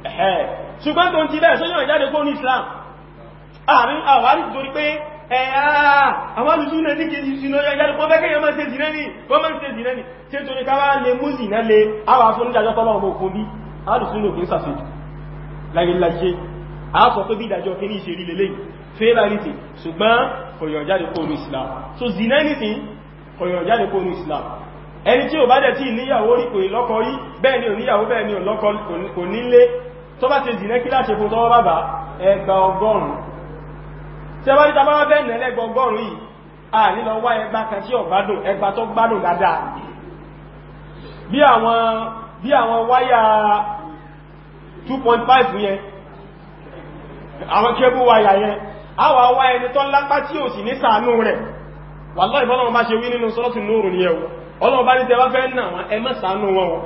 ẹ̀hẹ́ ṣùgbọ́n tó ń ti bẹ́ẹ̀ sóyàn ìjáde kó ní Islam àárín àwárí torí pé àwọn alùsù náà ní kìí sínú ìjáde kó bẹ́kẹ́ yọmọ́ ṣe jìnẹ́ ní gọ́mọ́ ṣe jìnẹ́ ní tí torí káwà lè mú ìnà lè àwà fún ìdájọ́ tọ́lọ́ ọmọ òkun bí alùsù náà kìí sàfihàn láyéláyé a sọ pé bí ìdájọ́ kìí ṣe rí lélẹ́yìn fẹ́ lárí ti ṣùgbọ́n kò yọ ìjáde kó ní Islam so jìnẹ́ nìsìn kọ̀yọ̀ jáde kó ní islam ẹni tí ò bá dẹ̀ tí níyàwó rí kò lọ́kọ rí bẹ́ẹ̀ ni ò níyàwó bẹ́ẹ̀ ni ò lọ́kọ kò nílé tó bá ṣe jìnà kí láṣe fún tọwọ́ bàbá ẹgbà ọgọ́rùn-ún tí a bá níta bá wá bẹ́ẹ̀ nẹ́ lẹ́gbà ọgọ́rùn-ún yìí a nílọ wá ẹgbà kan tí ọ̀gbádùn ẹgbà tó gbádùn dáadáa bí àwọn bí àwọn wáyà 2.5 yẹn àwọn kébù wáyà yẹn a wà wá ẹni tó lápá tí ò sì ní sàánú rẹ̀ wàláì bọ́lọ́wọ́ bá ṣe wí nínú sọ́lọ́tù nóòrùn ní ẹwọ ọlọ́wọ́ bá ní tẹwà fẹ́ ẹ̀nà wọn ẹ mẹ́sànú wọn wọn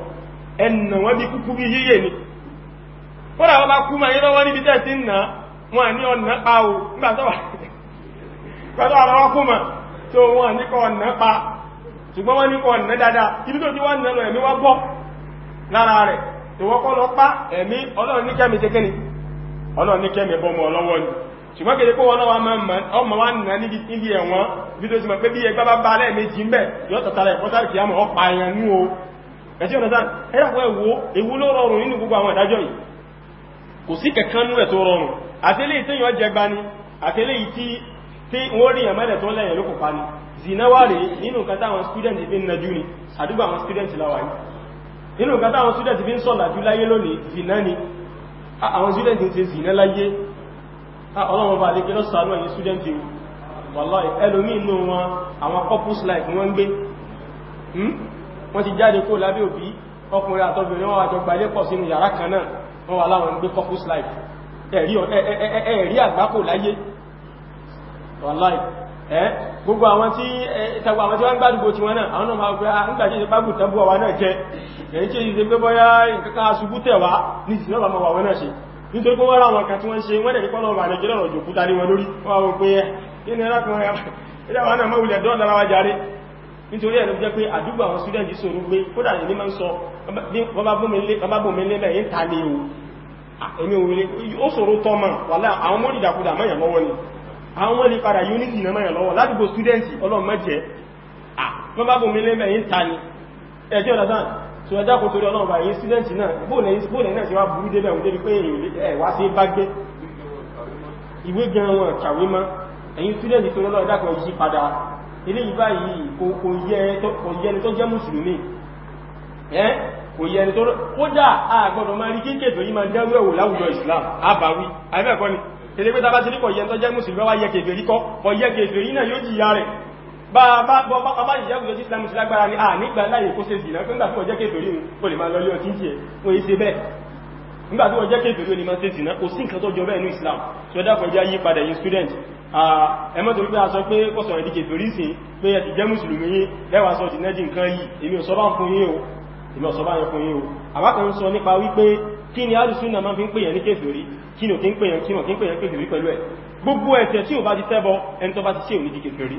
ẹ̀nà wọn bí kúkú bí yíyẹ ni kódà wọ́n bá kú ma yẹ́ lọ́wọ́ níbi tẹ́ẹ̀tì ń nà wọn ní ọ̀nà pa o nígbàtọ́wà ṣùgbọ́n kèrè pé wọ́n ọmọ wá nà níbi ẹ̀wọ̀n bí tó ti mọ̀ pé bí ẹgbá bá bá lẹ́ẹ̀mejì ń bẹ̀ yóò tọ̀tara ẹ̀kọ́tàrí kìí àmọ̀ ọpa ẹ̀yàn ní o ẹ̀tí ọ̀nàtàn ẹ̀dàpọ̀ ẹ̀wọ́ ewu ló rọrùn nínú gbogbo àwọn ìdájọ́ yìí kò sí kẹ̀kan nú ẹ̀ tó rọrùn àtẹ́lẹ̀ tí yọ jẹgba ni àtẹ́lẹ̀ yìí tí wọ́n rí ẹ̀mẹ́lẹ̀ tó lẹ́yìn ló kò pa ni zinawari nínú nǹkan táwọn student fi ń najú ọlọ́run bá lè kí lọ sàánú ẹ̀yìn student yìí wàlá ẹlòmí inú wọn àwọn couples life wọ́n ń gbé hmm? wọ́n ti jáde kó lábẹ́ òbí ọkùnrin àtọ́bìnrin wọ́n àjọ gbalé pọ̀ sínú yàrá kan náà wọ́n wà láwọn gbé couples life ẹ̀rí àgbákò láyé nítorí pé wọ́n láwọn kan tí wọ́n ṣe wọ́n dẹ̀ nípa lọ́wọ́ àlejò lọ́rọ̀ jòkú ta ní wọn lórí wọ́n wọ́n pé ẹ́ kí ni arákùnrin ẹ̀dàwà náà mọ́wulẹ̀ dọ́ọ̀dà láwá járe nítorí ẹ̀lú jẹ́ pé ma àwọn student sọ̀rọ̀ pé kódà ní máa ń sọ bàbá bòmí ta ma wàlá àwọn mọ́ ìdàkudà mọ́yàn ni so ẹjá kò torí ọlọ́run báyìí sílẹ̀ntì náà bóòlẹ̀ náà sí wá burú débẹ̀ òun débi pé ẹ̀wà sí bá gbé ìwé gan wọn kàwé má ẹ̀yìn sílẹ̀ntì torí ọlọ́run dákọ̀ yí padà eléyìí báyìí kò yẹ ẹni tó jẹ́ mùsùlùmí kò yẹ ẹni tó kódà àgbọ̀dọ̀ máa rí kéèkéè tó yí máa dẹ́rú ẹ̀wò láwùjọ Islam àbáwí àìbẹ̀kọ́ ni elégbé tá bá ti rí kọ̀ yẹ ẹni tó jẹ́ mùsùlùmí wá yẹ kèfèrí kọ́ kọ̀ yẹ kèfèrí náà yóò jìyà rẹ̀ bá ìjẹ́ òjò islam ti lágbára ní ànígbà láyé kó ṣe zìnà pé nígbàtí wọ́n jẹ́ kéfèrí o lè máa lọlé ọtí jẹ́ wọ́n yí ṣe bẹ́ẹ̀ nígbàtí wọ́n jẹ́ kéfèrí o lè máa ṣe zìnà kò sí nǹkan tó jọ bẹ́ẹ̀ ní islam tí ó dákọ̀ já yí padà yí student ẹmọ́ torí pé a sọ pé kò sọ̀rọ̀ ìdíje torí sí pé ẹ ti jẹ́ mùsùlùmí yí lẹ́wàá sọ ti nẹ́jì nǹkan yìí èmi ò sọ bá ń fún yín o èmi ò sọ bá ń fún yín o àwákan ń sọ nípa wípé kí ni alùsùnà máa fi ń pèyàn ní kéfèrí kí ni ò kí ń pèyàn kéfèrí pẹ̀lú ẹ̀ gbogbo ẹ̀ṣẹ̀ tí ò bá ti ṣẹbọ ẹni tó bá ti ṣe ò ní di kéfèrí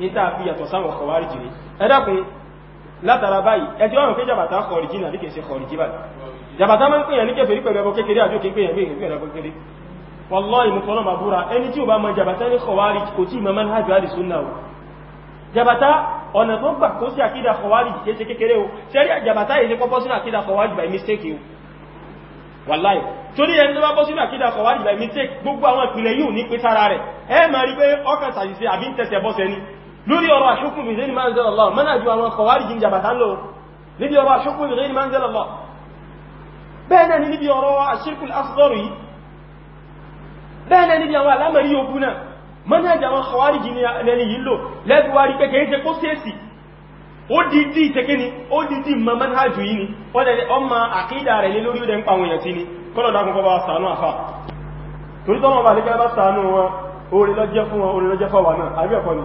ní tàà fi yàtọ̀ sáwọn kọwàrí jìrì ẹ̀dàkùn látara báyìí ẹjọ́ ọ̀rùn pé jàbàtà kọ̀ọ̀rìjì náà líkẹ̀ sí kọ̀ọ̀rìjì báyìí jàbàtà máa ń pèyàn ní kèfèrí pẹ̀lú ẹbọ kékeré àjọ kí ń pèyàn méèrè pẹ̀lú ẹbọ kékeré wallahi mo fọ́nà bàbúra ẹni tí ó bá mọ jàbàtà ní kọ̀wàrí kò tí mọ mọ́n hajj alì sunna o jàbàtà ọ̀nà tó gbà kó sí àkídà kọ̀wàrí kì í ṣe kékeré o sẹ́rí jàbàtà yìí kọ́kọ́ sínú àkídà kọ̀wàrí by mistake o wallahi ẹni tó bá bọ́ sínú àkídà kọ̀wàrí by mistake gbogbo àwọn ìpìlẹ̀ yìí ní pé sára rẹ̀ ẹ máa rí pé ọkàn sàṣìṣe àbí ń bọ́sẹ̀ ni lórí ọ̀rọ̀ àṣókù bí zai ni máa ń zẹ́lọ̀ lọ mọ́nà ju àwọn kọwàrí jíjà bàtà lọ níbi ọ̀rọ̀ àṣókù bí zai ni máa ń zẹ́lọ̀ lọ bẹ́ẹ̀ náà níbi ọ̀rọ̀ àṣírkù asgọ́rù yìí bẹ́ẹ̀ náà níbi àwọn alámàrí ogun náà mọ́nà ju àwọn kọwàrí jíjìnlẹ́ni yìí lò lẹ́gbùwárí pé kèé ṣe kó sẹ́ẹ̀sì ó dìdí ìtẹ́kíní ó dìdí mọ́mọ́n hajjú yìí ni ọmọ àkídà rẹ̀ lé lórí ó dẹ̀ ń pa àwọn èèyàn tí ni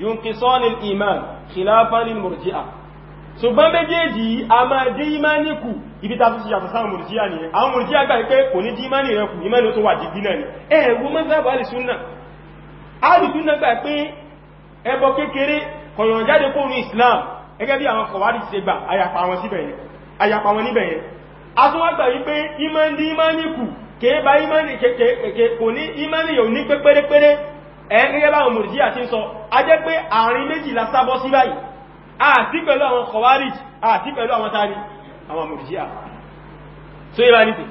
yunqisan al-iman khilafan lil-murji'a ṣùgbọ́n méjèèjì a máa dé ìmáni kù ibi ta tó ti yàtọ̀ sáwọn mùrùjíà ni àwọn mùrùjíà gbà pé kò ní dí ìmáni rẹ kù ìmáni tó wà dìdí náà ni ẹ̀rù mọ́sáàbù alìsúnnà alìsúnnà gbà pé ẹbọ kékeré kọ̀yàn jáde kó ní Islam gẹ́gẹ́ bí àwọn kọ̀wárí ṣe gbà ayapa wọn níbẹ̀ yẹn a tún wá gbà wípé ìmáni dí ìmáni kù kèé ba ìmáni kò ní ìmáni yóò ní pẹ́pẹ́rẹ́pẹ́rẹ́ ẹ̀ẹ́gẹ́gẹ́ báwọn mùrìdí àti ń sọ a jẹ́ pé àárín méjìlá sábọ́ sí báyìí àti pẹ̀lú so yíra nìtì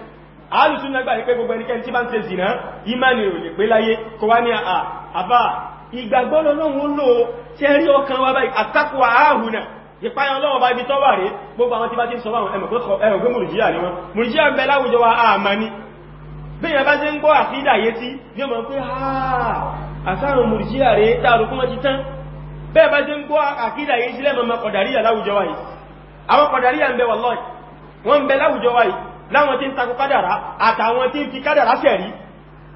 alùsùn náà gbàyẹ pé gbogbo ẹnikẹ́ni tí bá ń ṣe zìnà ìmánì ò lè pé láyé kò wá ní àà àbá ìgbàgbọ́ lọ́wọ́ lò tẹ́ rí ọkàn wa báyìí àtakò àáhùnà ìpáyàn lọ́wọ́ bá ibi tọ́ wà rí ni wọn mùrìjíà àsáàrùn mùrìjíà rẹ̀ tààrù kúmọ̀ ti tán bẹ́ẹ̀ bá jẹ́ ń gbọ́ àkídà yìí sílẹ̀ mọ́mọ́ kọ̀dàríyà láwùjọ wáyé àwọn kọ̀dàríyà ń bẹ wallahi wọ́n ń bẹ láwùjọ wáyé láwọn tí ń takò kádàrá àtàwọn tí ń fi kádàrá sẹ̀rí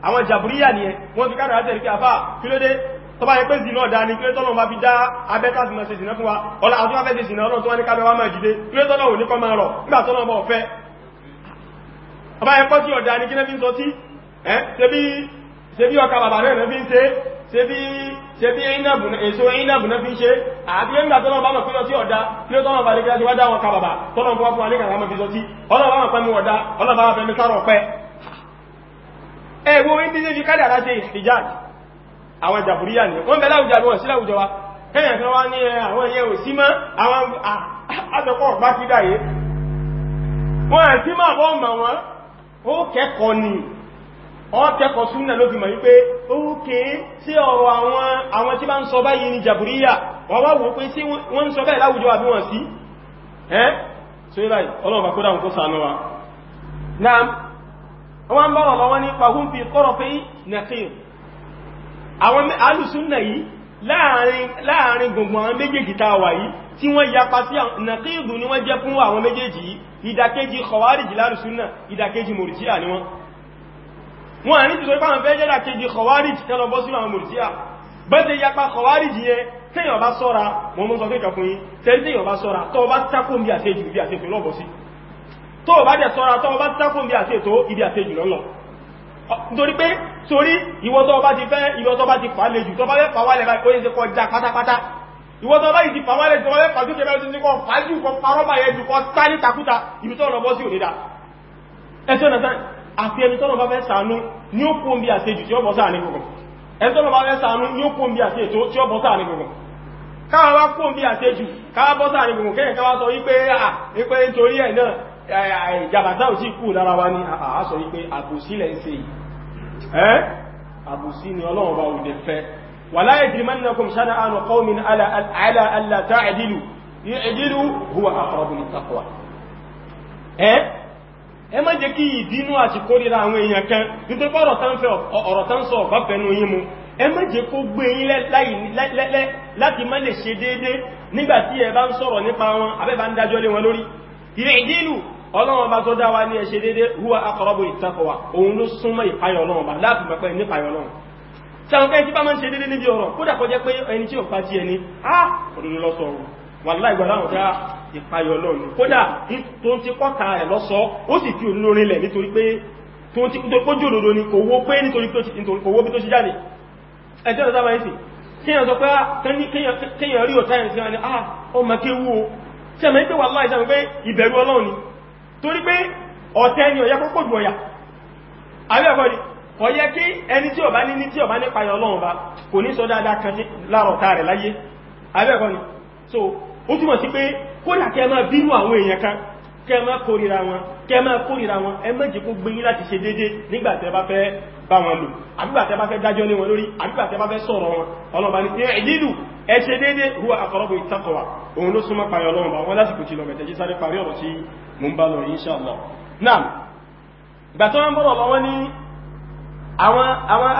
àwọn jàbúríyà ni ẹ wọ́n fi kádàrá sẹ̀rí pé àfá kí ló dé tó bá yẹ ni kílé tọ́lọ̀ bá fi dá abẹ́ta ni kílé fi ń sọ ẹ́ tẹ́bí ṣe bí ọkà bàbà náà fi ń ṣe ṣe bí èso ìnàbù náà fi ń ṣe àti ẹgbà tọ́lọ̀ bá mọ̀ pínlọ tí ọ̀dá kí ó tọ́lọ̀ bá lè gẹ́gẹ́ wádá wọn kàbàbà tọ́lọ̀ fún wọn nígbà wọn fi sọ tí ọlọ́wọ́ wọn pẹ́ mú ọ̀dá ọlọ́wọ́ wọn fẹ́ ni wọ́n bẹ̀lá ìjàbù wọn sílẹ̀ òjọwa kẹ́yàn kan wá ní àwọn ẹyẹ ò sí kẹ́kọ̀ọ́ ni ọ́kẹ́kọ̀ọ́ súnnà ló fi mọ̀ wípé ókè tí ọ̀rọ̀ àwọn tí bá ń sọ báyìí ní jàbúríyà wọ́n wá wò pé tí wọ́n ń sọ báyìí láwùjọ àbí wọ́n sí ẹ́ so ilá ọlọ́ọ̀bà kó dáhùn kó sànú wa náà wọ́n ń bọ́rọ̀ lọ́wọ́ ní pàhún fi kọ́rọ̀ pé nàkíl àwọn alùsúnnà yìí láàrin gbogbo tí wọ́n yapa sí nàkíl ni wọ́n jẹ́ fún àwọn méjèèjì yìí ìdàkejì kọwàrìjì lálùsúnnà ìdàkejì mòrìjíà ni wọ́n wọn àrí tìtò ipá wọn fẹ́ jẹ́dà kejì kọwàríjì tẹ́lọ bọ́ sínú àwọn mùrùsíà bẹ́ẹ̀ yapa kọwàríjì yẹ tẹ́yàn bá sọ́ra mọ́ mọ́ sọ pé kàfún yí tẹ́rí tẹ́yàn bá sọ́ra tọ́ bá tákùn bí àṣejù bí àṣejù lọ́bọ̀ sí tọ́ bá jẹ́ sọ́ra tọ́ bá tákùn bí àṣejù ibi àṣejù lọ́lọ́ nítorí pé sórí ìwọ tó bá ti fẹ́ ìwọ tó bá ti fà lejù tó bá fẹ́ fà wálẹ̀ báyìí ó yẹ kó já pátápátá ìwọ tó bá ìdí fà wálẹ̀ tó fẹ́ fà tó kẹfẹ́ tó kọ fàájú kọ parọ́ báyẹ̀ jù takúta ibi tó bọ́ sí òdídà ẹ̀sẹ̀ ọ̀nà àti ẹni tọ́nà bá fẹ́ sàánú ní ó kún bí àṣejù tí ó bọ́ sáà ní gbogbo ẹni tọ́nà bá fẹ́ sàánú ní ó kún bí àṣejù tí ó bọ́ sáà ní gbogbo káwà wá kún bí àṣejù káwà bọ́ sáà ní gbogbo kẹ́yìn káwà sọ wípé à nítorí ẹ̀ náà ìjàbàtà ò tí kú lára wa ní àá wípé àbòsí ń ṣe yìí ẹ́ àbòsí ni ọlọ́run ẹ má jẹ́ kí ìbínú àti kórìíra àwọn èèyàn kan nítorí pé ọ̀rọ̀ tán sọ ọ̀bá fẹ́nu yín mu ẹ má jẹ́ kó gbé yín lẹ́lẹ́ láti má lè ṣe déédé nígbàtí ẹ bá ń sọ̀rọ̀ nípa wọn abẹ́ bá ń dájọ́ lé wọn lórí ilẹ̀ ìdínú ọlọ́wọ́n bá tó dáwà ní ẹ ṣe déédé huwa aqrabu ìtaqwa òun ló súnmọ́ ìpayọ̀ ọlọ́wọ́n bá láti mọ̀ pé nípayọ̀ ìpayọ̀ ọlọ́run kódà tó ti kọ́ta rẹ̀ lọ́sọ́ ó sì fi olórin lẹ̀ nítorí pé tó ti kójú òdòdó ni kò wó pé nítorí kò wó bí tó ṣe jáde ẹjọ́ tó sábà ìsìn kíyàn sọ pé ah, kíyàn rí ọ̀tá ìrìn sí wọn ni ah ọmọ kéwú o tí ẹ̀mọ̀ ìpé wà láì sáà pé ìbẹ̀rù ọlọ́run ni torí pé ọ̀tẹ́ ni ọ̀yá púpọ̀ jù ọ̀yà àríọ̀kọ́ni kò yẹ kí ẹni tí ọ̀bá ní ní tí ọ̀bá nípa ọlọ́run bá kò ní sọ dáadáa kan láàrọ̀ta rẹ̀ láyé àríọ̀kọ́ni so ó túnmọ̀ sí pé kódà kẹ máa bínú àwọn èèyàn kan kẹ máa kórìíra wọn kẹ máa kórìíra wọn ẹ má jẹ́ kó gbé yín láti ṣe dédé nígbà tẹ́ bá fẹ́ bá wọn lò àbígbà tẹ́ bá fẹ́ dájọ́ lé wọn lórí àbígbà tẹ́ bá fẹ́ sọ̀rọ̀ wọn ọlọ́ba ní ìdílù ẹ ṣe dédé huwa aqrabu ittaqwa òun ló súnmọ́ payọ̀ lọ́wọ́ wọn lásìkò tí lọ́mẹ̀tẹ̀ jí sáré parí ọ̀rọ̀ tí mò ń bá lọ insha Allah náà ìgbà tó wọ́n lọ wọ́n ní àwọn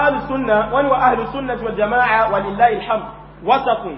ahlu sunna wọ́n ní wa ahlu sunnati wal jama'a walillahi alhamd wasatun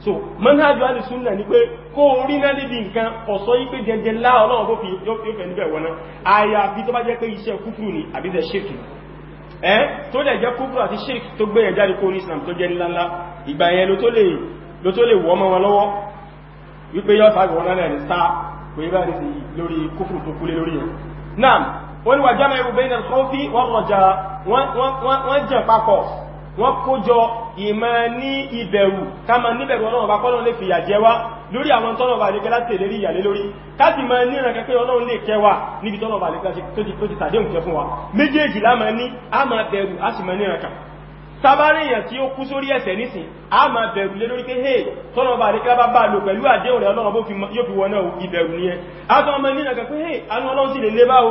so manhajj wa ni sunna ni pé kó orí náà níbi nǹkan ọ̀sọ́ yí pé jẹjẹ lá ọlọ́run tó fi yóò fẹ́ níbẹ̀ wọ́n náà àyàfi tó bá jẹ́ pé iṣẹ́ kúfùrù ni àbí jẹ́ ṣírkì ẹ́ tó lẹ̀ jẹ́ kúfùrù àti ṣírkì tó gbé ẹ̀jáde kó orí islam tó jẹ́ ńláńlá ìgbà yẹn ló tó lè wọ́ mọ́ wọn lọ́wọ́ wípé yọ́ sáré wọn náà ní sáà kò yí bá ní sí lórí kúfùrù tó kúlé lórí yẹn náà wọ́n ni wà jámẹ́ ìrùbẹ́ ìnà kọ́fí wọ́n rọjà wọ́n jẹ́ papọ̀ wọ́n kójọ ìmọ̀ ní ìbẹ̀rù káàmà níbẹ̀rù ọlọ́run bá kọ́lọ́run lè fìyà jẹ wá lórí àwọn tọ́lọ̀bà àdékẹ́lá tèlé rí ìyàlé lórí káàtì máa ní ìrànkẹ́ pé ọlọ́run lè kẹwà níbi tọ́lọ̀bà àdékẹ́lá tó ti tàdéhùn kẹ fún wa méjèèjì láàmà ní a máa bẹ̀rù a sì máa ní ìrànkà tabari èèyàn tí ó kú sórí ẹ̀ṣẹ̀ nísìn a máa bẹ̀rù lé lórí pé hey tọ́lọ̀bà àdékẹ́lá bá bá lò pẹ̀lú àdéhùn rẹ̀ ọlọ́run bó fi yóò fi wọná ìbẹ̀rù nìyẹn a tọ́ ọmọ nínú ẹ̀kẹ́ pé hey anú ọlọ́run sì lè lé bá o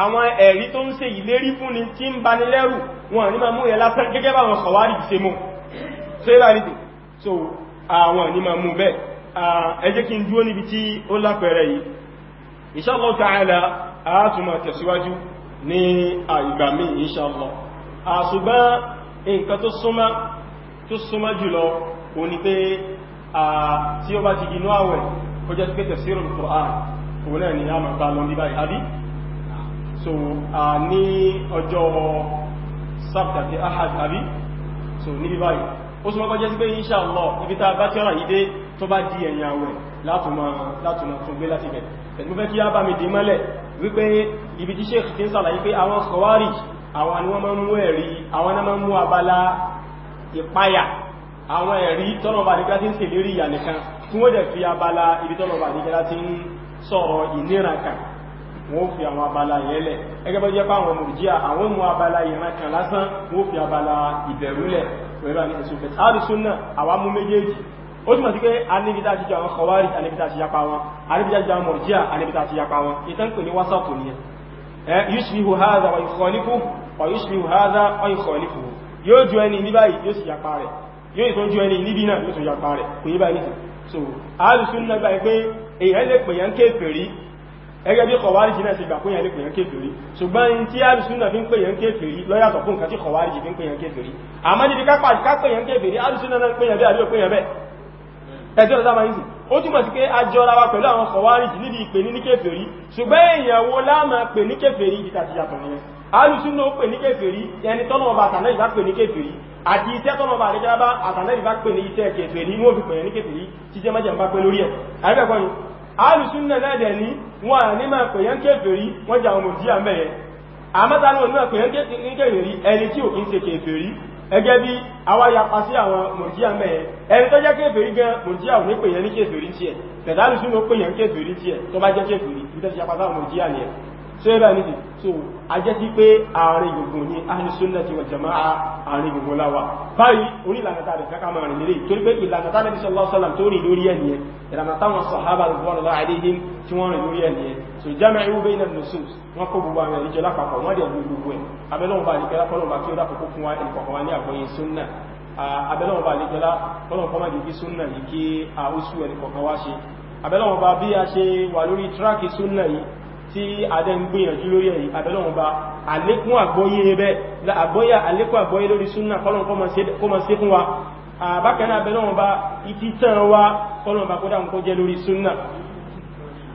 àwọn ẹ̀rí tó ń ṣe ìlérí fún ni tí ń bani lẹ́rù wọn ní máa mú yẹ lásán gẹ́gẹ́ bá wọn kọ̀wárí ṣe mú ṣe bá nìtò so àwọn ní máa mú bẹ́ẹ̀ ẹ jẹ́ kí n dúó níbi tí ó lápẹẹrẹ yìí insha Allah ta'ala a tún máa tẹ̀síwájú ní ìgbà mí insha Allah àṣùgbọ́n nǹkan tó súnmọ́ tó súnmọ́ jùlọ ò ní pé tí ó bá ti gínú àwẹ̀ ó jẹ́ pé ni a so a ní ọjọ́ sábt ahad àbí so ní báyìí ó sì mọ́kọ́ jẹ́ sí pé insha Allah ibi tá bá tíọ́rà yìí dé tó bá di ẹ̀yìn àwẹ̀ látùmọ̀ tún gbé láti bẹ̀ pẹ̀lú fẹ́ kí á bá mi dì mọ́lẹ̀ wípé ibi tí sheikh ti ń sàlàyé pé àwọn khawarij abala ìpáyà àwọn ẹ̀rí tọ́lọ̀bà nígbà tí ń ṣèlérí ìyà nìkan abala ibi tọ́lọ̀bà nígbà tí ń sọ̀rọ̀ wọ́n fi àwọn abala yẹn lẹ̀ ẹgbẹ́ bọ́ jẹ́ fáwọn mùjíà àwọn mú abala ìran kan lásán wọ́n fi abala ìbẹ̀rù lẹ̀ wẹ́rẹ́ ní ẹ̀sùn fẹ̀tẹ̀ alùsùn náà àwa mú méjèèjì ó túnmọ̀ sí pé anibita ti jọ àwọn kọwárì anibita ti yapa wọn anibita ti jọ àwọn mùjíà wa yukhalifu wa yusufu haza wa yukhalifu yóò ju ẹni ní báyìí yóò sì yapa rẹ̀ yóò ìtọ́jú so alùsùn náà gbà pé èèyàn lè pèèyàn kéèpè ẹgẹ́ bí kọ̀wárìjì náà ti gbà pínyàn lè pèyàn kéfèrí ṣùgbọ́n tí alùsùnà fi ń pèyàn kéfèrí lọ́yàtọ̀ fún nǹkan tí kọ̀wárìjì fi ń pèyàn kéfèrí àmọ́ níbi ká pèyàn kéfèrí alùsùnà náà pèyàn bí àríò pèyàn bẹ́ẹ̀ ẹjọ́ ọ̀dá máa ń sì ó túnmọ̀ sí pé a jọra wa pẹ̀lú àwọn kọ̀wárìjì níbi ìpè ní kéfèrí ṣùgbọ́n èèyàn wo láàmà pè ní kéfèrí ìdíta ti yàtọ̀ nìyẹn alùsùnà ó pè ní kéfèrí ẹni tọ́nà ọba àtàlẹ́ ìbá pè ní kéfèrí àti iṣẹ́ tọ́nà ọba àlejò bá àtàlẹ́ ìbá pè ní iṣẹ́ kéfèrí alùsúnnà náà dẹ̀ ní wọn ní máa pèyàn kèfèrí wọ́n jà ọmọ díà mẹ́yẹn àmọ́ta náà ní máa pèyàn kèfèrí ẹni tí ò kí ń ṣe kèfèrí ẹgẹ́ bí awáyapa sí àwọn mọ̀jíà mẹ́yẹn ẹni tó jẹ́ kèfèrí gan mọ̀jíà ò ní pèyàn ní kèfèrí tí ẹ̀ tẹ̀dálùsúnnà so yẹ́ báyìí nìtì so a jẹ́ sí pé àárín gbogbo ní ahìsúnnàtí wal jama'a àárín gbogbo láwà báyìí orí ìlànà tàbí kaka máa rìn lérè torí pé ìlànà tàbí bí sallallahu alaihi wasallam tó rìn lórí ẹ̀ nìyẹn ìlànà táwọn sahaba radhiyallahu alaihim tí wọ́n rìn lórí ẹ̀ nìyẹn so jama'u bayna an-nusus wọ́n kó gbogbo àwọn ìjọ lápapọ̀ wọ́n dẹ̀ gbogbo ẹ̀ abẹ́lọ́wọ́n bá nìkẹ́lá kọ́lọ́wọ́n bá kí ó dápọ̀ bí a ṣe wà lórí tíráàkì sunna yìí tí adẹ́ ń gbìyànjú lórí ẹ̀yí abẹ́lọ́run bá àlékún àgbọ́yé rẹ̀ àgbọ́yà àlékún àgbọ́yé lórí súnà kọ́lọ̀n kó mọ̀ sí fún wa àbákanáà abẹ́lọ́run bá ìtí tàn wá kọ́lọ̀n bá kódà kó jẹ́ lórí súnà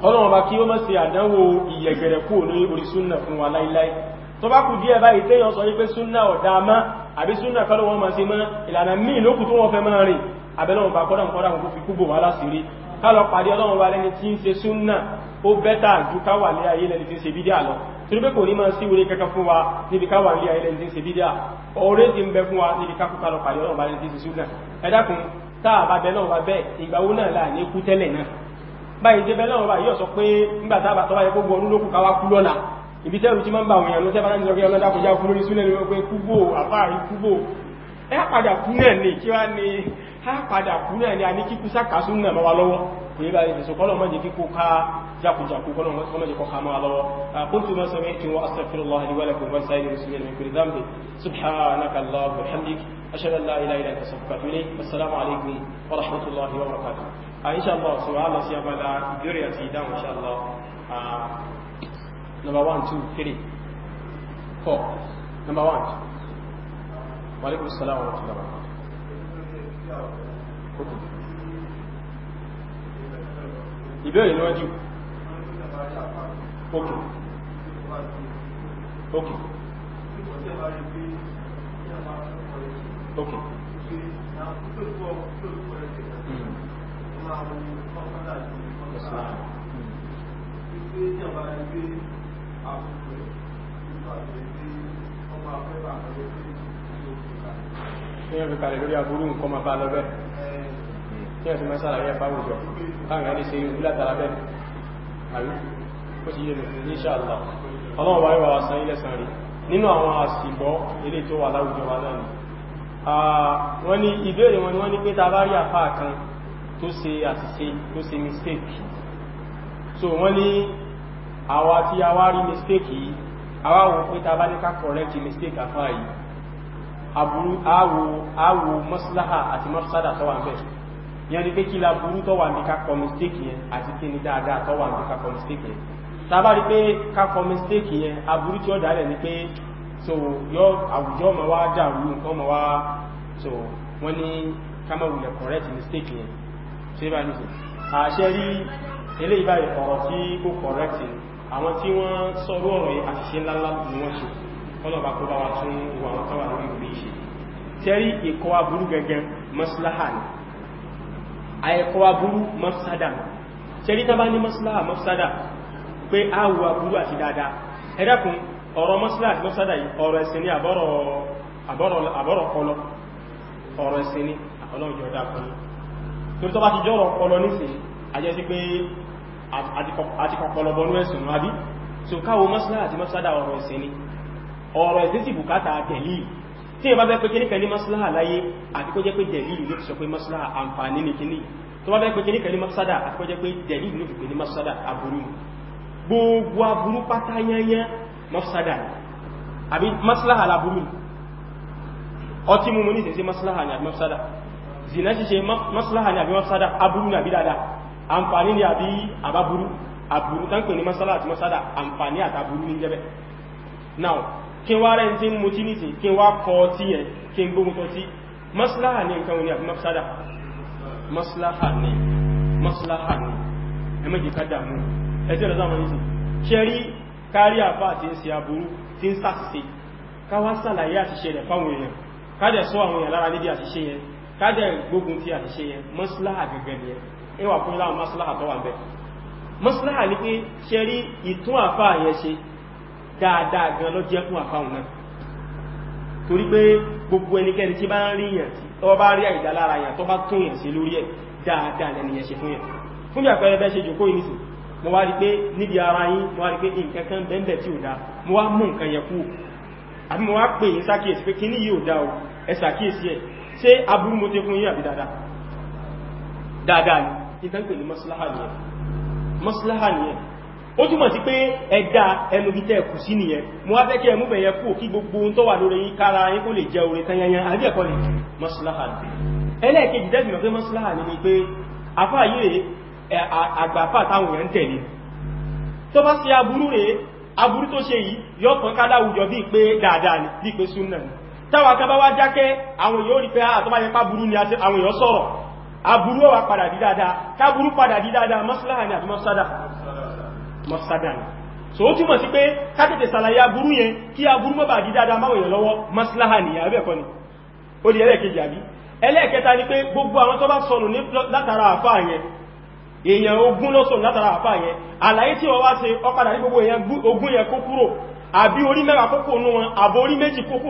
kọ́lọ̀n bá kí ó mọ̀ sí àdánwò ìyẹ̀gẹ̀rẹ̀ kú ní orí súnà fún wa láíláí tó bá kù díẹ̀ báyìí téèyàn sọ wípé súnà ọ̀dà mọ́ àbí súnà kọ́lọ̀ wọn mọ̀ sí mọ́ ìlànà míì lókù tó wọ́n fẹ́ mọ́ rìn abẹ́lọ́run bá kọ́dà kọ́dà kó fi kúbò wá láṣìírí kálọ̀ pàdé ọlọ́run wa lẹ́ni tí ń ṣe súnà ó bẹ́tà ju káwà ní ayé lẹ́ni tí ń ṣe bídíà lọ torí pé kò ní máa sí orí kankan fún wa níbi káwà ní ayé lẹ́ni tí ń ṣe bídíà ọ̀rẹ́ ti ń bẹ fún wa níbi kákúkà lọ pàdé ọlọ́ọ̀bá lẹ́ni tí ń ṣe súnà ẹ dákun táà bá bẹ náà wá bẹ́ẹ̀ ìgbàwó náà láà ní kú tẹ́lẹ̀ náà báyìí débẹ náà wá yóò sọ pé nígbà táà bá tọ́ bá yẹ kòye báyìí ti so kọ́lọ̀ mọ́jì kíkó ká jákùjákù kọ́lọ̀ mọ́jì kọ́ ká máa lọ́wọ́ kúntù mọ́ sọ mẹ́tí wọ́n astagfirullah ni wọ́lẹ̀ kùnbọ́n sáyẹ̀ musulmi mai kuri zambi subhanaka allah wa hamdik ashhadu an la ilaha illa anta astaghfiruka wa atubu assalamu alaikum wa rahmatullahi wa barakatuh a insha allah subhanahu wa number 1 2 3 4 number 1 wa alaikum assalam wa ìbéèrè níwájú ok ok ok Ẹ̀yẹ́ fi kàrẹ̀ lórí àbúrú nǹkan máa bá lọ bẹ́ẹ̀ tí ẹ̀fí mẹ́sàlá yẹ fáwùjọ káàkiri àti ṣe irú látara bẹ́ẹ̀ àrí ó ti yé mi ní ṣàlá ọlọ́run wáyé wà sàn ilẹ̀ sàn rí nínú àwọn àsìbọ́ ilé tó wà láwùjọ wa náà ni wọ́n ní ìbéèrè wọn ni wọ́n so wọ́n ní àwa tí a wá rí mistake yìí àwa wò pé ta bá ní ká correct maslaha àti mafsada tó wà ń yẹn ni pé kí la burú tó wà ní ká kọ mistake yẹn àti kí ni dáadáa tó wà ní ká kọ mistake yẹn sábà rí pé ká mistake yẹn aburú tí ó dálẹ̀ ni pé so yọ àwùjọ ma wá dàrú nǹkan ma wá so wọ́n ní ká má correct mistake yẹn ṣé bá ní sè àṣẹ rí eléyìí báyìí ọ̀rọ̀ tí kò correct àwọn tí wọ́n sọ̀rọ̀ ọ̀rọ̀ yìí àṣìṣe ńláńlá ni wọ́n ṣe ọlọ́ba kó bá wa tún ìwà wọn káwà lórí ìwé ìṣe tẹ́rí ìkọ́ aburú gẹ́gẹ́ mọ́síláhà ni àìkọ́ aburú mafsada ṣẹ́rí tàbá ní maslaha mafsada pé áwù aburú àti dáadáa ẹ̀dàkùn ọ̀rọ̀ maslaha àti mafsada yìí ọ̀rọ̀ ẹ̀sìn ní àbọ̀rọ̀ ọpọlọ ọ̀rọ̀ ẹ̀sìn ní ọlọ́jọ́dá kan torí tọ́bá ti jọ́rọ̀ ọpọlọ nísìn àjẹ́ sí pé àti kọpọlọ bọnú ẹ̀sùn àbí tí ó káwọ maslaha àti mafsada ọ̀rọ̀ ẹ̀sìn ní ọ̀rọ̀ ẹ̀sìn sì bùkátà tẹ̀lé tí ìbá bẹ́ pé kí ní kẹ́lí maslaha láyé àti kó jẹ́ pé dẹ̀lìlù ló ti sọ pé maslaha àǹfààní ní kíní tó bá bẹ́ pé kí ní kẹ́lí mafsada àti kó jẹ́ pé dẹ̀lìlù ló fi pè ní mafsada aburú gbogbo aburú pátá yányán maslaha ni àbí mafsada zina ṣíṣe maslaha ni àbí mafsada aburú ni àbí dáadáa ni àbí àbáburú aburú tán pè maslaha àti mafsada àǹfààní àtàburú ní now kí wá rẹ̀ tí ń mú tí nìsìn kí wá kọ tí ẹ̀ kí ń gbógun tọ́ tí maslaha ní nǹkan orí àbí mafsada maslaha ní maslaha ní ẹmẹ́jì kádà mú ẹjẹ́ rẹ̀ záwọn nìsìn ṣe rí kárí àbá tí ń ṣe aburú tí ń sàṣìṣe káwá sàlàyé àṣìṣe rẹ̀ fáwọn èèyàn kádẹ̀ sọ àwọn èèyàn lára níbi àṣìṣe dáadáa gan ló jẹ́ fún àfáhùn náà torí pé gbogbo ẹnikẹ́ni tí bá ń rí yàn tó bá rí àìdá yàn tó bá tún yàn sí lórí ẹ̀ dáadáa ṣe fún yàn fún bí àpẹẹrẹ bẹ́ ṣe jòkó pé níbi ara yín mo wá rí pé nǹkan kan bẹ́ẹ̀ tí ò dáa mo wá mú nǹkan yẹn kú àbí mo wá pè yín sákìyèsí pé kíní yìí ò dáa o ẹ sàkíyèsí ẹ ṣé aburú mo tẹ fún àbí dáadáa dáadáa ni pè ní ó túmọ̀ sí pé ẹ̀dá ẹnugitẹ́ ẹ̀kù sí nìyẹn mo wá fẹ́ kí ẹmú bẹ̀yẹ kú kí gbogbo tó wà lórí yí kára yí kó lè jẹ orin tanyanyan àbí ẹ̀kọ́ ni maslaha ẹlẹ́ẹ̀kejì dẹ́sì mọ̀ pé maslaha ni pé afá yìí rẹ̀ àgbàfà táwọn èèyàn tẹ̀lé tó bá sí aburú rẹ̀ aburú tó ṣe yìí yọ kàn ká láwùjọ bíi pé dáadáa ni bíi pé súnà ni táwọn akẹ́ bá wá jákẹ́ àwọn èèyàn rí pé àtọ́bá ah, ni àwọn padà di dáadáa padà di dáadáa ni àbí mọ́sádà ni so ó túnmọ̀ sí pé kákẹ́tẹ̀ sàlàyé aburú yẹn kí aburú mọ́ bà dídáadá máwọ̀ èèyàn lọ́wọ́ maslaha ni àbẹ́ ẹ̀kọ́ ni ó di ẹlẹ́ẹ̀kejì àbí ẹlẹ́ẹ̀kẹta ni pé gbogbo àwọn tó bá sọnù látara àfáà yẹn èèyàn ogún ló sọnù látara àfáà yẹn àlàyé tí wọ́n wá ṣe ọpadà ní gbogbo èèyàn ogún yẹn kó kúrò àbí orí mẹ́wàá kókò nú wọn àbò orí méjì kókò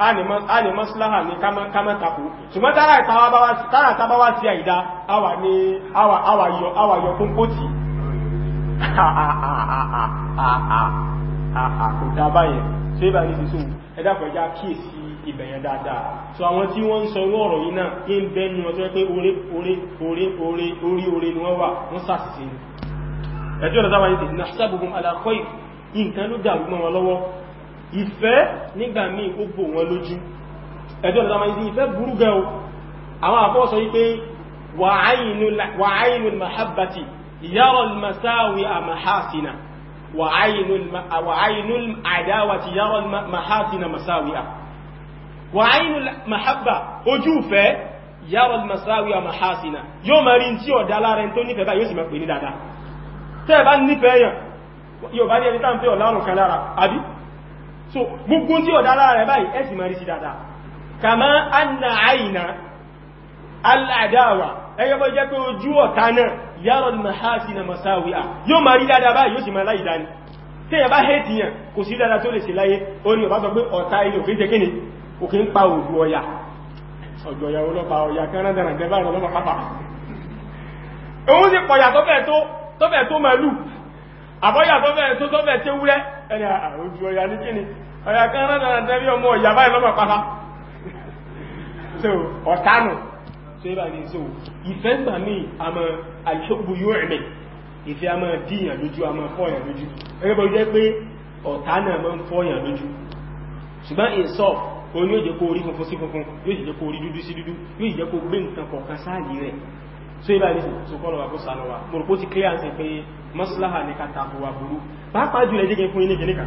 a ní ha ní kámẹ́tàkù ṣùgbọ́n tára ìtàbá wá sí àìdá awa yọ ha ha ha ha ha ha ha ní sísò ẹ̀dàpọ̀ ẹjá kíyèsí ìbẹ̀yẹn dáadáa so sọ orú ọ̀rọ̀ yìí náà ń bẹ́nu ìfẹ́ nígbà míì ó bò wọn lójú ẹjọ́ ìdámá ìdí ìfẹ́ burú gan o àwọn àpọ́ sọ wípé wàáyínú mahabbati yàrọ̀ masáwí a mahasina wàáyínú àdáwàtí yàrọ̀ mahasina masáwí a wàáyínú mahabba ojú ìfẹ́ yàrọ̀ masáwí a mahasina yóò mẹ́rí tí ọ̀dá lára tó nífẹ̀ẹ́ bá yóò sì mẹ́ pè ní dáadáa tẹ́ẹ̀ bá nífẹ̀ẹ́ yàn yóò bá ní ẹni tá so gbogbo tí ọ̀dá lára rẹ̀ báyìí ẹ̀sì máa rí sí dáadáa kàmá anna àìna aláàdáwà ẹgbẹ́ jẹ́ pé ojú ọ̀tá náà yàrọ̀ mahasi na masáwíà yóò máa rí dáadáa báyìí yóò sì máa láì dání tí ẹ bá hẹ́ẹ̀tì yàn kò sí dáadáa tó lè ṣe láyé ó ní ọba sọ pé ọ̀tá ilé òfin jẹ́ kíni òkè ń pa òdu ọya ọ̀dọ̀yà ọlọ́pàá ọya kẹ́rán dára gẹ́bá ìrọ̀lọ́pàá pàpà òun sì pọ̀yà tó fẹ́ tó mẹ́lú àbọ́yà tó bẹ̀rẹ̀ tó tó bẹ̀rẹ̀ tí ó wúrẹ́ ẹni àrójú ọ̀yà ní kíni ọ̀yà kan rán dára tẹ́rí ọmọ ìyà báyìí lọ́mọ̀ pátá [laughs] so ọ̀tánù so ibà ní so ìfẹ́ gbà ní àmọ́ àìṣòkùbù yóò rẹ̀ ìfẹ́ a máa díyàn lójú a máa fọ́yàn lójú ẹgbẹ́ bọ́ jẹ́ pé ọ̀tá náà máa ń fọ́yàn lójú ṣùgbọ́n ìsọ́f o ní ó jẹ́ kó orí funfun sí funfun yóò jẹ́ kó orí rẹ̀ so ibà ní so kọ́ lọ́wà kó sànà wa mo rò kó ti clear sí pé maslaha ní ká tako wa burú pàápàá jùlọ jẹ́ fún ilé kìníkà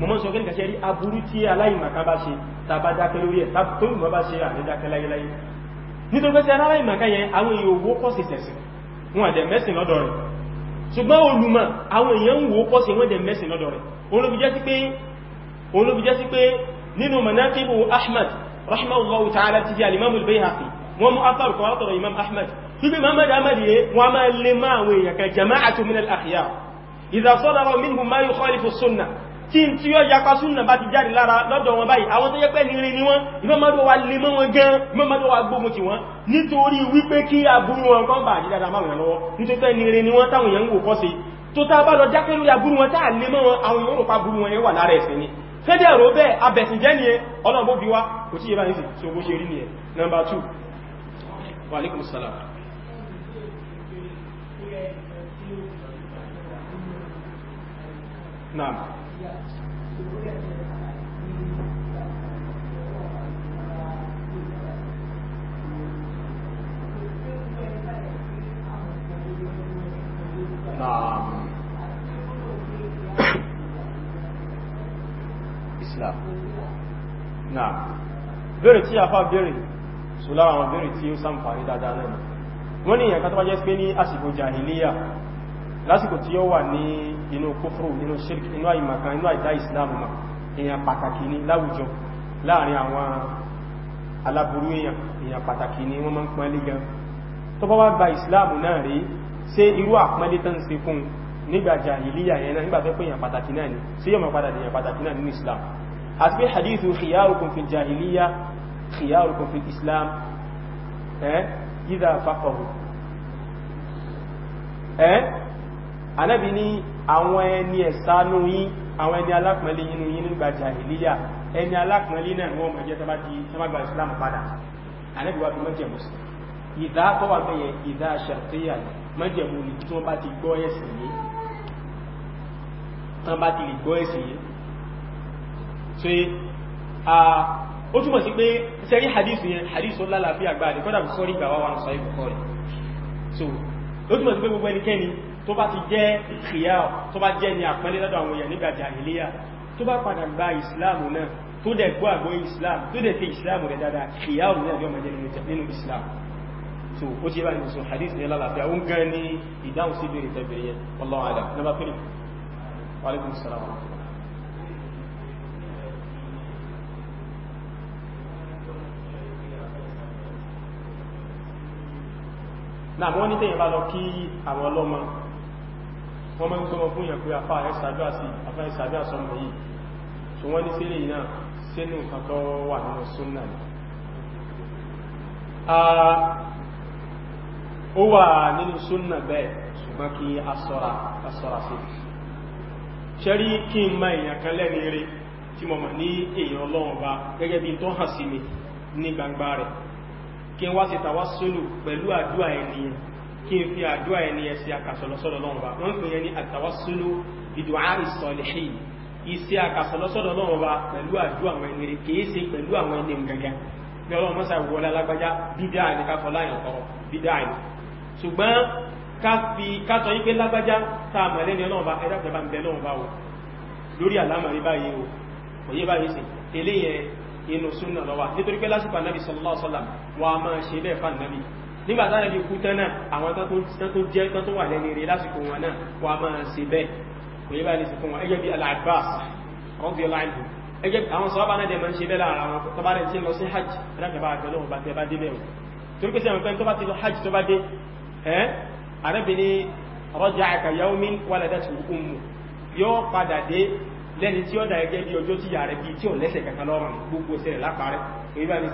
mo mọ́ sọ kìníkà ṣe rí aburú tí aláìmọ̀ká bá ṣe tàbá dákẹ́ lórí ẹ̀ tó ìmọ̀ bá ṣe àní dákẹ́ láyéláyé nítorí pé tí aláìmọ̀ká yẹn àwọn èèyàn owó kọ́ wọ́n mú afárùkọ́ látọ̀rọ̀ Imam Ahmad سيدي محمد أمدي وما لما ويك جماعة من الأخيار إذا صدر منهم ما يخالف السنة tí n tí ó yapa súnnà bá ti jáde lára lọ́dọ̀ wọn báyìí àwọn tó yẹ pé nílé ní wọ́n ìmọ́mọ́dọ̀ wa lè mọ́ wọn gan ìmọ́mọ́dọ̀ wa gbógun ti wọ́n nítorí wípé kí aburú wọn kan bà ní dáadáa máa lọ́wọ́ nítorí pé nílé ní wọ́n táwọn èèyàn wò kọ́ sí tó tá bá lọ jápé aburú wọn táà lè mọ́ àwọn èèyàn òrùpa burú wọn yẹn wà lára ẹ̀sìn ni fẹ́dẹ̀ rò bẹ́ẹ̀ abẹ̀sìnjẹ́ ni ọlọ́run bó wá kò tí yẹ bá ń sì tí ó ṣe rí ni ẹ̀ number two Naam. Naam. Islam. Naam. Bẹ̀rẹ̀ tí a fà bẹ̀rẹ̀ sùlára àwọn bẹ̀rẹ̀ tí ó sàǹfàní dáadáa náà. Wọ́n ni ìyànkà tó wájẹ́ pé ní lásìkò tí ó wà ní inú kófúrú inú shirk inú àìmàkan inú àìdá islam ma èèyàn pàtàkì ní láwùjọ láàrin àwọn aláburú èèyàn èèyàn pàtàkì ní wọ́n máa ń pọ́nlé gan tó bá wá gba islam náà rí ṣé irú àpọ́nlé tán ṣe fún nígbà jàhílíyà yẹn náà nígbà ni islam àti pé hadithu khiyarukum fil jahiliya khiyarukum fil islam eh idha faqahu eh anábì ní àwọn ẹni ẹ̀sánú yín àwọn ẹni alápọ̀nlé yínú yín nígbà jàhìlíyà ẹni alápọ̀nlé náà wọ́n mọ̀ jẹ́ tọ́bá islam padà anábì wá fi mọ́jẹ̀mú sí ìdá tó wà bẹ́yẹ ìdá ṣàtíyà mọ́jẹ̀mú ni tí ti gbọ́ ẹ̀sìn yìí so ó túnmọ̀ sí pé sẹ́rí hadith yẹn hadith ó lálàáfíà gbáà ní kọ́dà Bukhari gbà wá wà so ó túnmọ̀ sí pé gbogbo tó bá ti jẹ́ ìkìyà tó bá jẹ́ ní àpẹẹlẹ́ lọ́dọ̀ àwọn èèyàn nígbà jàhìlíyà tó bá padà gba ìsìláàmù náà tó dẹ̀ gbọ́ àgbọ́ ìsìláàmù tó dẹ̀ fi ìsìláàmù rẹ̀ dáadáa ìyá òun náà yọ mẹ́jẹ nínú ìsìláàmù so ó ti bá ní sọ hadith ní lálàáfíà ó ń gan ní wọ́n mọ́ gbọ́mọ fún ìyàn pé afá ẹ̀sàdúrà sí afá ẹ̀sàdúrà sọmọ yìí so wọ́n ní sílé iná sínú nǹkan nínú súnnà ni ó wà nínú súnnà bẹ́ẹ̀ ṣùgbọ́n kí a sọ́ra a sọ́ra sí ṣẹ́rí kí n ma èèyàn kan lẹ́ni rí tí mo mọ̀ ní èèyàn ọlọ́run gẹ́gẹ́ bí tó hàn sí mi ní gbangba rẹ̀ kí wá sí tàwásólù pẹ̀lú àdúrà ẹni kí n fi àdúrà ẹni ẹsẹ akàṣọlọ́sọ́dọ̀ lọ́wọ́ bá wọ́n fi yẹn ní àtàwásúlú ìdùá ìsọ̀lẹ̀hìn iṣẹ́ akàṣọlọ́sọ́dọ̀ lọ́wọ́ bá pẹ̀lú àdúrà àwọn ẹni rẹ̀ kìí ṣe pẹ̀lú àwọn ẹni gẹ̀gẹ̀ bí ọlọ́run mọ́sà wọlé alágbájá bídá ní káfọ́ láyàn tọrọ bídá ní ṣùgbọ́n ká fi kátọ̀ yí pé lágbájá tá a mọ̀lẹ́ni ọlọ́run bá ẹ̀dá tẹ̀ bá ń bẹ lọ́wọ́ bá wò lórí àlámọ̀rí báyìí o kò nígbà táwọn ibi kú tán náà àwọn tán tó jẹ́ tán tó wà lẹ́ni rí lásìkò wọn náà wà máa ṣe bẹ́ẹ̀ kò yẹ báyìí sí fún wọn ẹgbẹ́ bí al-Abbas rọ́bì ọláìlú ẹgbẹ́ àwọn sọ́ọ́bà náà dẹ̀ máa ń ṣe bẹ́ẹ̀ lára wọn tó bá rẹ̀ tí lọ sí hajj alákẹ̀bá àgbẹ̀lọ́ wọn bá tẹ́ bá dé bẹ̀rù torí pé sẹ́wọ̀n pé tó bá ti lọ hajj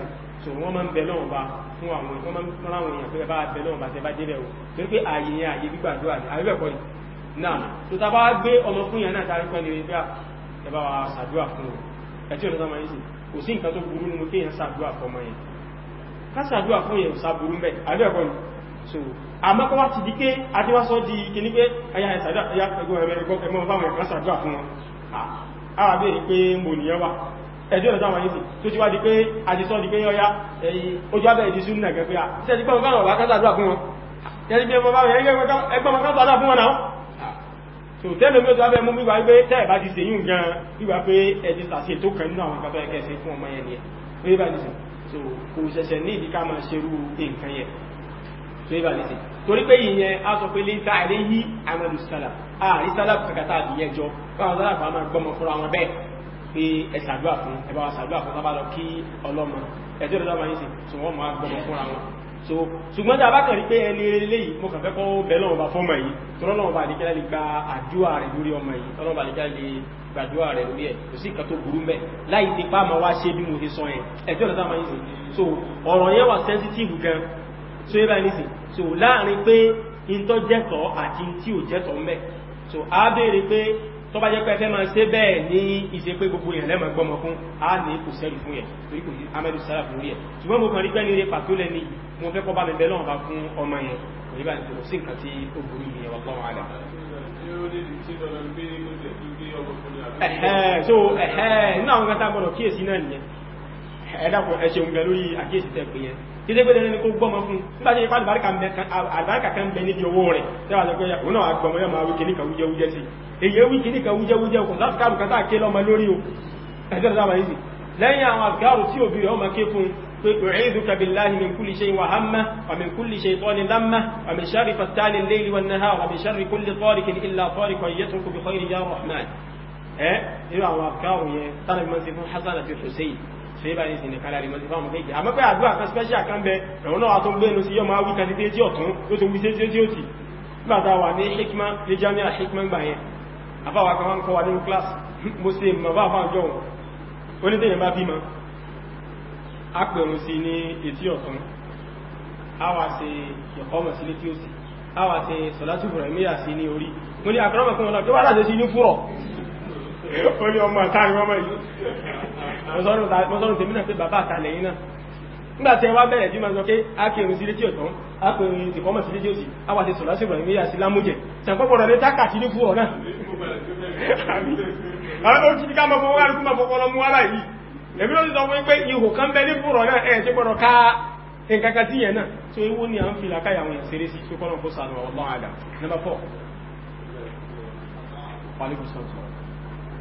tó so wọ́n máa ń bẹ lọ́wọ́ bá fún àwọn wọ́n máa ń fún àwọn èèyàn pé bá bẹ lọ́wọ́ bá tẹ bá débẹ̀ o torí pé ààyè yẹn ààyè gbígbàdúrà ni àbíbẹ̀ kọ́ ni náà tó ta bá gbé ọmọ fún yẹn náà tàbí pẹ́ni wípé ah, ẹ bá wa ṣàdúrà fún o ẹtí ọ̀nà sáwọn yìí kò sí nǹkan tó burú nínú kí èèyàn ṣàdúrà fún ọmọ yẹn ká ṣàdúrà fún yẹn ṣà burú mbẹ àbíbẹ̀ kọ́ ni so àmọ́ kọ́ wá ti di pé adé wá sọ di kíní pé ẹ̀yà ẹ̀ṣàdúrà ẹ̀yà ẹ̀gbọ́n ẹ̀mọ́ fáwọn ẹ̀kan ṣàdúrà fún ẹjọ́ ìrọ̀ta wọn yìí tó ti wá di pé àdìsọ́ di pé ọya ojú abẹ́ ìdí súnmù nàgẹ́ pé à títẹ́ ti gbọ́n bá kásàdúrà fún wọn tẹ́lẹ̀ bí ẹgbọ́n kásàdúrà fún wọn náà so tẹ́lẹ̀ mi ó ti wá bẹ́ mú wíwá pé tẹ́ẹ̀ bá ti ṣe yún gan wíwá pé ẹ̀dí sàṣe tó kàn nínú àwọn kátọ́ ẹ̀kẹ́ ṣe fún ọmọ yẹn ni ẹ̀ bá ti ṣe so kò ṣẹ̀ṣẹ̀ ní ìdí ká máa ṣerú nǹkan yẹn so ẹ̀ bá ti ṣe torí pé ìyẹn á sọ pé lè ta àìlè yí àmàlù sálà àrí sálà kàkàtà àdìyẹjọ fáwọn sálà fáwọn gbọmọ fúnra wọn bẹ́ẹ̀ pé ẹ̀sàdúà fún ẹbá wa sàdúà fún tábà lọ kí ọlọ́mọ ẹ̀tí ọ̀dọ́ bá yìí sí so wọ́n máa gbọmọ fúnra wọn so ṣùgbọ́n tí a bá kàn rí pé ẹni eléyìí mo kàn fẹ́ kọ́ bẹ̀rẹ̀ lọ́wọ́ bá fọ́mọ yìí tó lọ́wọ́ bá lè kẹ́lẹ́ lè gba àdúà rẹ̀ lórí ọmọ yìí tọ́lọ́wọ́ bá lè kẹ́lẹ́ lè gbàdúà rẹ̀ lórí ẹ̀ kò sí ìkan tó burú mẹ́ láì nípa ma wá ṣe bí mo ti sọ yẹn ẹ̀tí ọ̀dọ́ bá yìí sí so ọ̀rọ̀ yẹn wà sensitive gan so yẹ bá yìí sí so láàrin pé intọ́ jẹ́tọ̀ àti tí ò jẹ́tọ̀ mẹ́ so a béèrè pé tó bá jẹ́ pé ẹfẹ́ máa ṣe bẹ́ẹ̀ ní ìṣe pé gbogbo èèyàn lẹ́mọ̀ gbọ́mọ fún a ní kò sẹ́rì fún ẹ̀ torí kò sí amẹ́lú sára fún orí ẹ̀ ṣùgbọ́n mo kàn rí pẹ́ ní eré pàtó lẹ́ni mo fẹ́ kọ́ bá mi bẹ́lọ́n bá fún ọmọ yẹn lórí àkíyèsí tẹ pé yẹn ìdẹ́gbẹ́ lẹ́ni kó gbọ́mọ fún nígbàtí ipá àlùbáríkà kan bẹ níbi owó rẹ̀ tẹ́wà lọ́gbẹ́ yàkó náà agbọmọ yọ máa wíkì níkan wújẹ wújẹ sí èyí wíkì níkan wújẹ wújẹ okùn láti káàrù kátà ké lọ́mọ lórí o ẹjọ́ sábà yìí lẹ́yìn àwọn àgbáàrù tí òbí rẹ̀ ọmọ ké fún pé u'idhuka billahi min kulli shay'in wa wa min wa min sharri fattani al-layli wa min sharri kulli tariqin illa tariqan yatruku bi khayrin ya rahman eh irú àwọn àkáwò yẹn tánàbí mọ́ sí sèébà ní ìsìnkà láàrin mọ́ sí fáwọn méjì àmọ́ pé àdúrà kan special kan bẹ ẹ̀wọ̀n náà tó ń gbé ẹnu sí yọ́ máa wí kan títí ọ̀tún tó tó wí sí tí ó tì nígbàtà wà ní hikma ní jami'a hikma gbà yẹn afáwà kan wá ń kọ́ wa nínú class mo se mọ̀ bá fáwọn jọ onídẹ̀yìn bá bímọ a pẹ̀rún sí ní ó ní ọmọ àtàrí ọmọ yìí mọ́sọ́rùn tèmi náà pé bàbá àtàlẹ̀ yìí náà nígbàtí ẹwà bẹ̀rẹ̀ bí ma sọ pé a kí ìrìn sí létí a sí létí òsì a wà sí sọ̀lá lámújẹ̀ tàbọ̀bọ̀rọ̀ ní tákàtí ní fún ọ̀nà ó ti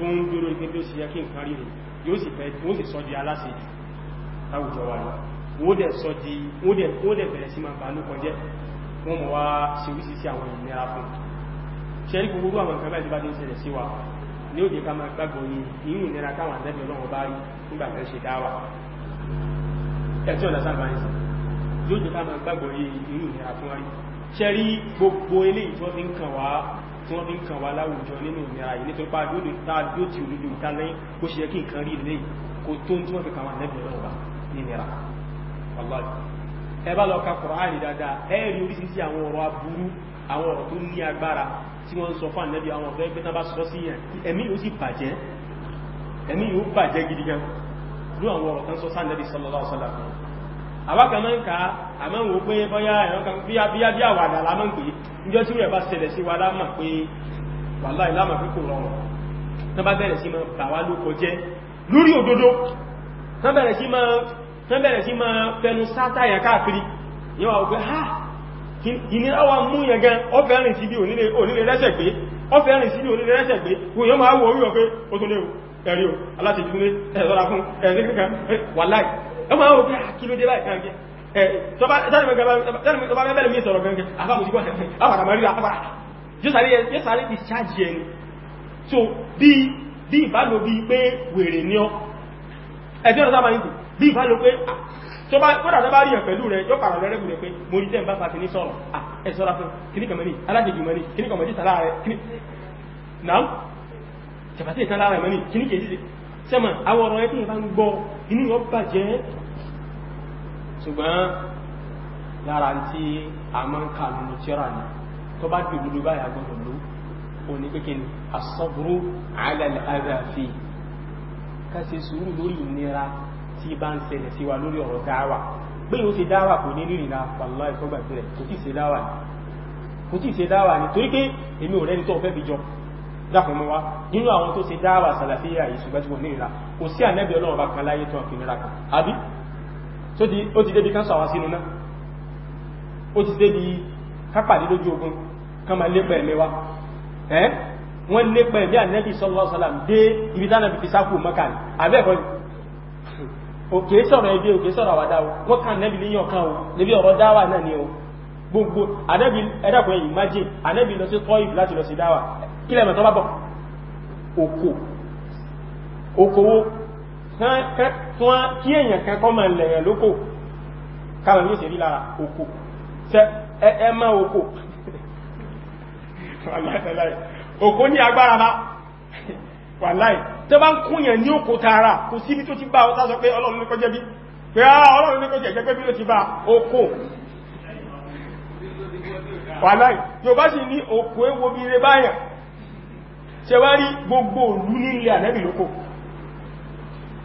tó ń gbèrò ìgbé bí ó sì nǹkan rí rẹ̀ yóò sì fẹ́ wọ́n sì sọ di aláṣẹ láwùjọ wa wọ́n dẹ̀ dẹ̀ bẹ̀rẹ̀ sí máa bàánú kọjẹ́ wọ́n mọ̀ wá sí sí àwọn ìnira fún ṣẹ́rí gbogbo àwọn nǹkan báyìí sí wa ní òde tí wọ́n fi ń kàn wá láwùjọ nínú ìnira yìí nítorí pa yóò tá a yóò ti òdodo ìta lẹ́yìn bó ṣe yẹ kí nǹkan rí lẹ́yìn kò tó tí wọ́n fi kàn wá nẹ́bí ọlọ́run wa nínira wàláhì ẹ bá lọ ka Kùránì dáadáa ẹ rí oríṣiríṣi àwọn ọ̀rọ̀ aburú àwọn ọ̀rọ̀ tó ní agbára tí sallallahu alaihi àwákà máa ń ká àmọ́ wò pé bọ́yá ẹ̀rọ kan bíyá bíyá bí àwàdà la máa ń pè níjọ́ tí rẹ̀ bá ṣẹlẹ̀ sí wa lámà pé wàlá ìlàmà pé kò rọrùn tán bá bẹ̀rẹ̀ sí máa bà wá ló kọjẹ́ lórí òdodo tán bẹ̀rẹ̀ sí máa fẹnu káàkiri ha [laughs] ọmọ àwọn òfin àkílódé ah, báyìí kan gẹ́ tọ́bá mẹ́bẹ̀lẹ̀ mi sọ̀rọ̀ gẹ́gẹ́ àfàmùsíkọ́ àwàràmàrí àpá yóò sáré discharge ẹni so bí ìbálò bí pé wèrè ní ọ ẹjọ́ ọ̀dọ́ sábà yìí bí ìbálò pé ah, tọ́bá kódà tọ́bá rí ẹ̀ pẹ̀lú rẹ̀ yóò pàrọ̀ lẹ́rẹ́gù rẹ̀ pé mo rí tẹ́m bá fàtí ní sọ̀rọ̀ ah, ẹ ṣọ́ra fún kìníkàmẹ́ni alájẹjù mẹ́ni kìníkàmẹ́ni tàlá rẹ̀ náà tẹ̀bàtí ìtàlá rẹ̀ mẹ́ni kìníkèjì sẹ́mọ̀ àwọn ọ̀rọ̀ ẹ̀ tí ìbá ń gbọ́ inú ọ bàjẹ́ ṣùgbọ́n lára tí a máa ń kà nínú tíra ní tó bá dì gbogbo báyà gbọ́dọ̀ ló o ní pé kíni asọ́bùrú alẹ́lẹ́fì ká ṣe sùúrù lórí ìnira tí bá ń ṣẹlẹ̀ sí wa lórí ọ̀rọ̀ dáwà pé yóò ṣe dáwà kò ní rírì náà pàlọ́ ìfọ́gbà ìbílẹ̀ kò tí ṣe dáwà ní kò tí ṣe ó ti débi kan sọ àwa sínú náà ó ti débi kápàdé lójú ogun kan ma lépa ẹ̀mí wa ẹ́ wọ́n lépa ẹ̀mí ànẹ́bì sallallahu sallam dé ibi tánà fi sáàkù mọ́kà ní abẹ́ẹ̀kọ́ ni òkè sọ̀rọ̀ ẹbí òkè sọ̀rọ̀ àwàdá o wọ́n kàn nẹ́bì léyàn kan o níbi ọ̀rọ̀ dáwà náà ni o gbogbo ànẹ́bì ẹ̀dàkùn ẹ̀yìn májè ànẹ́bì lọ sí tọ́ìf láti lọ sí dáwà kílẹ̀ mẹ́tọ́ bá bọ̀ òkò òkòwò kí èèyàn kan kọ́ máa lẹ̀yàn lóko káwọn yóò ṣe rí lára oko ẹ má oko [laughs] oko ní agbára bá wàláì tó bá ń kúnyàn ní oko tààrà kò síbi tó ti bá ọ sásọ pé ọlọ́run ní kọjẹ́ bí pé ah, ọlọ́run ní kọjẹ́ jẹ́ pé bí ló ti bá oko wàláì yóò bá sì ní oko ewo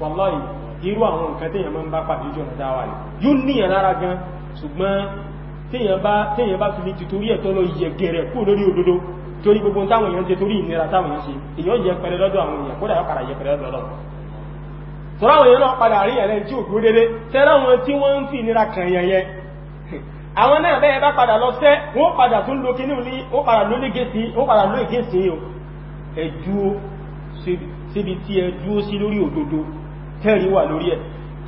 wallahi irú àwọn nǹkan téèyàn máa ń bá pàdé jù ọ̀nà dáwà rẹ̀ yóò níyàn lára gan ṣùgbọ́n téèyàn bá fi lè ti torí ẹ̀tọ́ lọ yẹ gẹ̀rẹ̀ kú lórí òdodo torí gbogbo táwọn èèyàn ṣe torí ìnira táwọn èèyàn ṣe èèyàn yẹ pẹrẹ lọ́dọ̀ àwọn èèyàn kódà yọ padà yẹ pẹrẹ lọ́dọ̀ tọ́lá àwọn èèyàn náà padà rí ẹ̀rẹ́ tí ò dúró dédé tẹ́lá wọn tí wọ́n bẹ́ẹ̀ bá padà lọ sẹ́ wọ́n padà tún lo kíní òní wọ́n padà ló lége sí padà ló èké sí ẹ̀dúó síbi tí ẹ sí lórí òdodo tẹ́rí wà lórí ẹ̀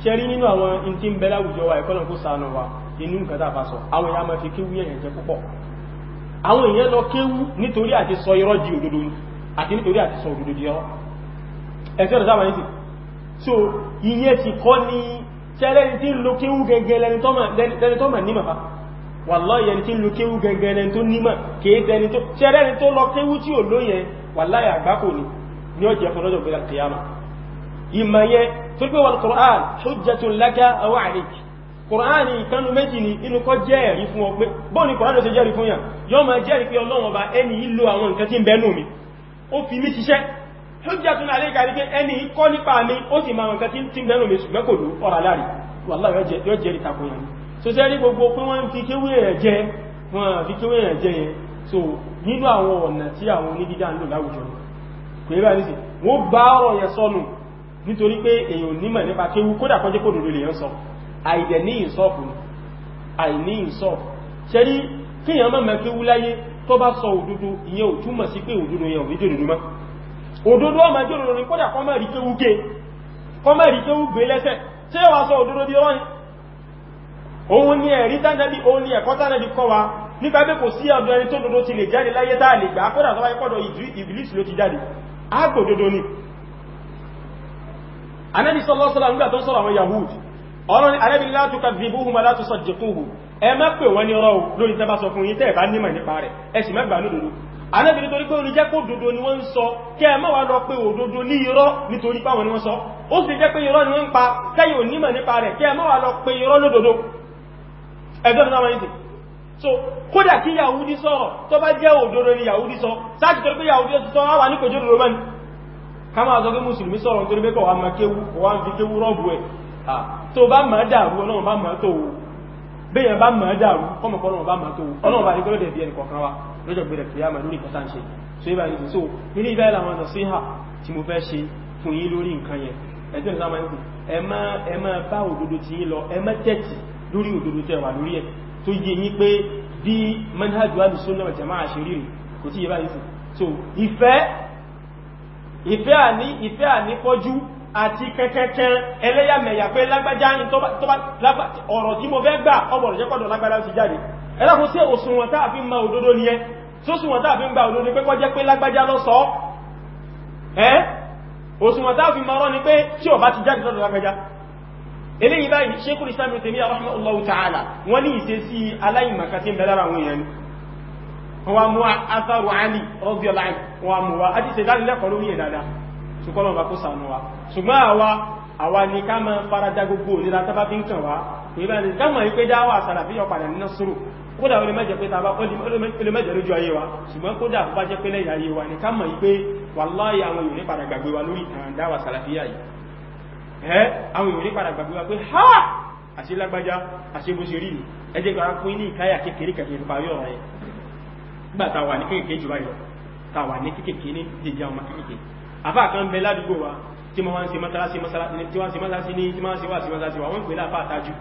ṣẹ́rí nínú àwọn in tí ń bẹ láwùjọ wa ìkọ́nà kó sàánà wa inú nǹkan tàbá sọ àwọn èèyàn máa fi kéwú èèyàn jẹ púpọ̀ àwọn èèyàn lọ kéwú nítorí àti sọ irọ́ di òdodo àti nítorí àti sọ òdodo di irọ́ ẹ̀sẹ̀ ọ̀dọ̀ sábà nítì so ìyẹn ti kọ́ ni tẹ́lẹ́ni tí ń lo kéwú gẹ́gẹ́ lẹni fa wàláhì ẹni tí ń lo kéwú gẹ́gẹ́ lẹni tó nímọ̀ kìí tẹ́lẹ́ni tó lọ kéwú ni ni ó jẹ́ fún lọ́jọ́ gbẹ́dà kìyàmà ìmọ̀yẹ tó pé wal Qur'an hujjatun laka aw alayk Qur'an ìkanu méjì ni inú kọ́ jẹ́ẹ̀rí fún ọgbẹ́ bọ́ọ̀ ni Qur'an ló ṣe jẹ́ẹ̀rí fún yàn yọ́ ma jẹ́ẹ̀rí pé Ọlọ́run ọba ẹni ìlò àwọn nǹkan tí ń bẹ́nu mi ó fi mí ṣiṣẹ́ hujjatun alayka ni pé ẹni kọ́ nípa mi ó sì ma nǹkan tí ń bẹ́nu mi ṣùgbọ́n kò ló ọ̀rà láàrin wallahi yóò jẹ́ẹ̀rí takò wọ́n bá ọ̀rọ̀ yẹn sọnù nítorí pé èyàn nímọ̀ nípa kéwú kódà kọjẹ́ kò dòdò lè yán sọ àìdẹ̀ ní ìsọ́ọ̀pù àìní ìsọ́ọ̀pù ṣẹ́rí kíyàn mọ́ mẹ́ kéwú láyé tó bá sọ òdodo ìyẹn ò túmọ̀ sí pé òdodo yẹn ò ní jòdòdó mọ́ òdodo ọmọ jòdòdó ní kódà kọ́ mẹ́rí kéwú gé kọ́ ni ẹ̀rí tánàbí òun ni ẹ̀kọ́ tánàbí kọ́ wa nípa pé kò sí ọ̀dọ̀ ẹni tó dodo ti anábì sallallahu alaihi wasallam tó sọ̀rọ̀ àwọn yahud ọ̀rọ̀ ni anábì la tukadhibuhum la tusaddiquhum ẹ má pè wọ́n ní rọ́ lórí tẹ́bá sọ fún yín tẹ́ bá nímọ̀ nípa rẹ̀ ẹ sì mẹ́gbà ní òdodo anábì nítorí pé oníjẹ́ kó dodo ni wọ́n ń sọ kẹ́ ẹ má wá lọ pé òdodo ní so kódà kí yahudi sọ̀rọ̀ tó bá jẹ́ òdodo ni yahudi sọ sáàtì torí pé yahudi sọ wá ní kòjòdòdó mẹ́ni ká máa sọ pé mùsùlùmí sọ̀rọ̀ torí pé kọ̀ wá máa kéwú wá ń fi kéwú rọ́bù ẹ̀ tó bá máa dàrú ọlọ́run bá máa tó o béèyàn bá máa dàrú ọmọkọ ọlọ́run bá máa tó o ọlọ́run bá ní kọ́lọ́dẹ̀ bí ẹnì kọ̀ọ̀kan wa lọ́jọ́ gbẹ̀rẹ̀ kìí àmà lórí nǹkan ṣe so ibà ní so nínú ibà ìlànà ọ̀nà sí hà tí mo fẹ́ ṣe fún yín lórí nǹkan yẹn ẹ̀tí ọ̀nà sáwọn ẹ̀kùn ìfẹ́ àní ìfẹ́ àní pọ́jú àti kẹ́kẹ́kẹ́ ẹlẹ́yàmẹ̀yà pé lágbájá ọ̀rọ̀ tí mo fẹ́ gbà ọgbọ̀rọ̀ jẹ́ pọ̀dọ̀ lágbájá ti jáde ẹlẹ́kùn sí òsùnwọ̀n tàà fi ma ododo ni ẹ tó sùnwọ̀n tàà fi gba òdodo pé kọ́ pé lọ ma ni ti ta'ala wọ́n mú azáru alì ọdí ọlá wọ́n mú wa a ti ṣe dánilẹ́kọ̀ọ́ lórí ẹ̀ dáadáa ṣùgbọ́n ọba kó sànú wa ṣùgbọ́n àwa àwa ni ká máa farada gbogbo òlera tábà fi ń kàn wá ìbá ni ká mọ̀ ní pé dáwà sàràfihàn padà nínú sùúrù kódà ó lè mẹ́jẹ pé tàbá ó lè mẹ́jẹ lójú ayé wa ṣùgbọ́n kódà bá jẹ́ pé nígbà tá a wà ní kéèkéé jù báyìí tá a wà ní kéèkéé ní dèjì àwọn kéèkéé àfáà kan bẹ ládùúgbò wa tí wọ́n wá ń ṣe mọ́sálásí ní tí wọ́n ṣe wá sí mọ́sálásí wa wọ́n ń pè láàfà àtájù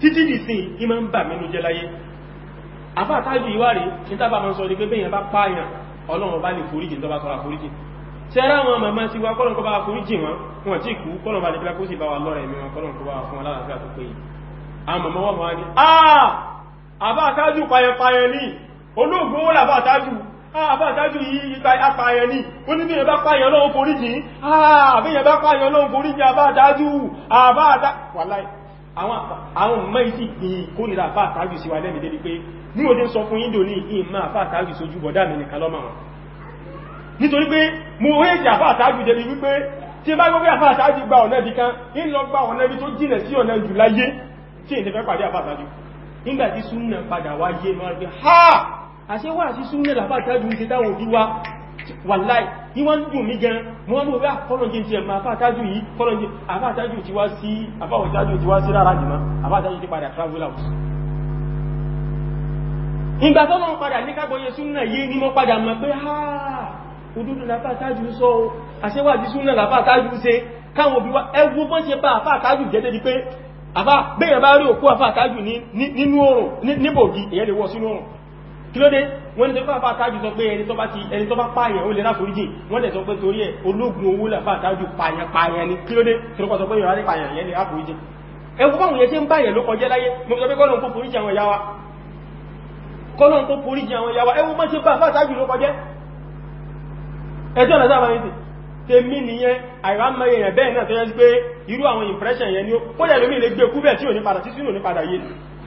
títí dì sí ìmọ̀ ń bà mínú jẹ́ láyé àfà àtájù ìwárí ní tábà mọ́ sọ ní pé bẹ́yàn bá pààyàn ọlọ́run bá lè foríjì tó bá sọ́ra foríjì tí ara wọn mọ̀mọ́ sí wa kọ́lọ̀kọ́ bá foríjì wọn wọn tí kú kọ́lọ̀ bá nípa kó sì bá wa lọ́rẹ̀ àbá àtájù payanpayan ní olóògbé ah, ó làbá àtájù àbá àtájù yìí ipa apààyàn ní oníbìyàn bá pààyàn lọ́wọ́ forí jìn àbíyàn ah, bá pààyàn lọ́wọ́ forí jìn àbá àtájù àbá àtájù àwọn ọmọ ìsì pín kórìlà àbá àtájù síwá lẹ́mì débi pé ní òdí ń sọ mi nìkan lọ́mọ wọn nítorí pé mo rẹ́jì àbá àtájù débi wípé tí bá gbogbo àbá àtájù gba ọ̀nà ibi kan ń lọ gba ọ̀nà ibi tó jìnà sí ọ̀nà jù láyé tí ìdẹ́fẹ́ pàdé àbá àtájù nígbàtí súnnà padà wáyé máa rí ha àṣẹ wà sí súnlẹ̀ làbá àtàjú ìṣẹ́ táwọn òbí wa wà láì ní wọ́n dùn mí gan wọ́n mú bá ah, kọ́lọ̀jì ti ẹ̀mà àfáàtájú yìí kọ́lọ̀jì àfáàtájú ti wá sí àfáàtájú ti wá sí rárá jùmọ́ àfáàtájú ti padà travel out ìgbà tó mọ́ padà ní kágbóyé súnnà yìí ni mọ́ padà mọ̀ pé ha ah, òdúdó làfáàtájú sọ àṣẹwàjí súnnà làfáàtájú ṣe káwọn òbí wa ẹwú bọ́n ṣe bá àfáàtájú jẹ́ débi pé àfá bẹ́yàn bá rí òkú àfáàtájú nínú oòrùn níbògì èyẹ́ lè wọ́ sínú oòrùn kí ló dé wọ́n ni tó fà fàtájù sọ pé ẹni tó bá pààyàn ó lè ráforíjì wọ́n lè sọ pé torí ẹ̀ ológun owó là fàtájù pààyàn pààyàn ni kí ló dé tí ó kọ́ sọ pé ìrọ̀lẹ́ pààyàn yẹn lè ráforíjì ẹwọ́ báwọn yẹn tí ń báyẹ̀ ló kọjẹ́ láyé mo sọ pé kọ́lọ̀ kó foríjì àwọn ìyá wa kọ́lọ̀ kó foríjì àwọn ìyá wa ẹwọ́ mọ́ sí bá fàtájù ló kọjẹ́ ẹjọ́ ọ̀nà sáà tèmi nìyẹn àìrámọ́ èèyàn bẹ́ẹ̀ náà tó yẹ́ sí pé irú àwọn impression yẹn ni ó pọ́lẹ̀ lómi lè gbé e kú bẹ́ẹ̀ tí ò ní padà tí sínú ní padà yé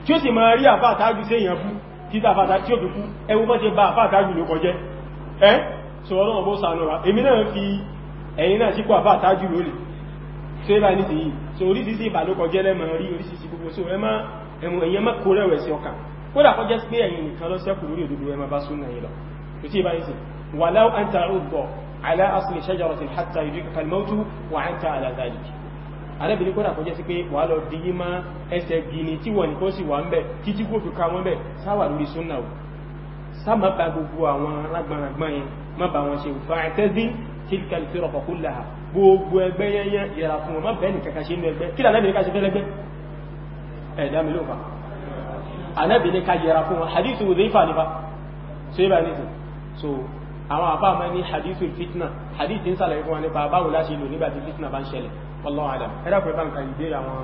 tí ó sì máa rí àbá àtàájú sí èèyàn fún tí tàfàtà tí ó fi kú ẹwú bọ́ ṣe bá àfáàtà jù ló kọjẹ́ ẹ́ so ọlọ́wọ́ bó sànú wa èmi náà fi ẹ̀yìn náà síkú àfáàtà jù ló lè so ẹ bá ní sèyí so oríṣiríṣi ìbàlókọjẹ́ lẹ́mọ̀ rí oríṣiríṣi gbogbo so ẹmọ ẹmọ èyàn mọ́ kó rẹ̀wẹ̀sì ọkàn kódà kọjẹ́ pé ẹ̀yìn nìkan lọ sẹ́kù lórí òdodo ẹmọ bá súnà yìí lọ arábìnrin kódà kọjẹ́ sí pé wà lọ di yí máa ẹsẹ̀ gini tí wọ́n nìkan sì wà ń bẹ̀ títí kó fi ká wọ́n bẹ̀ sáwà lórí súnà ò sáàmà bá gbogbo àwọn alágbàragbọ́n yẹn má bá wọn ṣe òfà àtẹ́sí tilkal firqa kullaha gbogbo ẹgbẹ́ yẹnyẹ yẹra fún wọn má bẹ́ẹ̀ ní kàkà ṣe inú ẹgbẹ́ kí lànàbìnrin ká ṣe fẹ́ lẹ́gbẹ́ ẹ̀dá mi ló fà anábìnrin ká yẹra fún wọn hadith wùdí ìfà nípa so yíba ní so àwọn àbá máa ní hadith fitna hadith ń sàlàyé fún wa nípa báwo láṣe lò nígbà fitna bá ń ṣẹlẹ̀ Wallahu a'lam ẹ̀dá pẹ̀lú báńkà ìbéèrè àwọn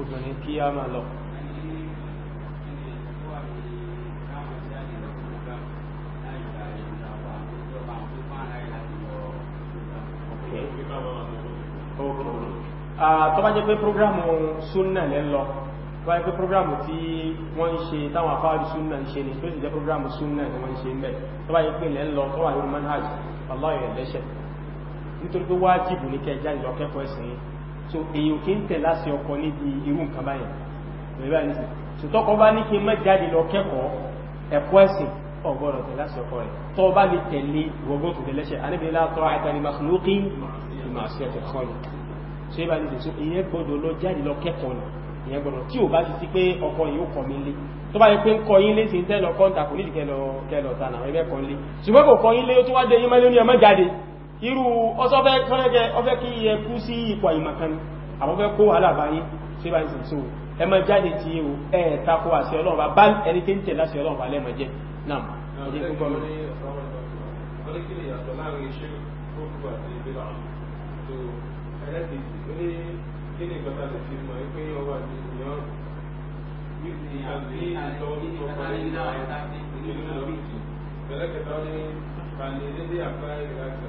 obìnrin kí a máa lọ tó bá jẹ́ pé prógrámù súnnà lẹ́ lọ wá jẹ́ pé prógrámù tí wọ́n ń ṣe táwọn afáàrí súnnà ń ṣe ni tó sì jẹ́ prógrámù súnnà ni wọ́n ń ṣe mẹ́ tó jẹ́ pé lẹ́ lọ tó wà lórí manhaj wallahi nítorí pé wájìbù ní kẹjá ìlọ́kẹ́kọ̀ọ́ so èyàn kì í tẹ̀ láti ọkọ níbi irú nǹkan báyẹn ìrẹ́bà ní sí tọ́kọ bá ní kí n má jáde lọ kẹ́kọ̀ọ́ ẹ̀kọ́ ẹ̀sìn ọgbọ́dọ̀ tẹ̀ láti ọkọ rẹ̀ tọ́ bá lè tẹ̀lé ìwọ̀gbọ́n tó tẹ̀lẹ́ṣẹ̀ anábìlá tọ́ àtàrí makhluki ìmàṣẹ́ ẹ̀kọ́ ni so ìbá ní sí so ìyẹn gbọ́dọ̀ lọ jáde lọ kẹ́kọ̀ọ́ ni ìyẹn gbọ́dọ̀ tí ò bá ti tó bá yẹ pé ń kọ yín sí tẹ́lọ kọ́ńtà kò nídìí tánà ẹgbẹ́ kan lé ṣùgbọ́n kò kọ yín ó tún wá dé yín mẹ́lẹ́ ní irú ọsọ́fẹ́ kọ́rẹ́gẹ́ ọfẹ́ kí iye kú sí ipò ìmọ̀kan àwọ́fẹ́ kó wà lábáyé tí bá ìsìn tó ẹ má jáde tí o ẹ tako àṣẹ ọlọ́run bá ẹni tí ń tẹ̀lé àṣẹ ọlọ́run alẹ́ mọ̀ ní Kàlẹ̀ Lédé Ìrìnàjò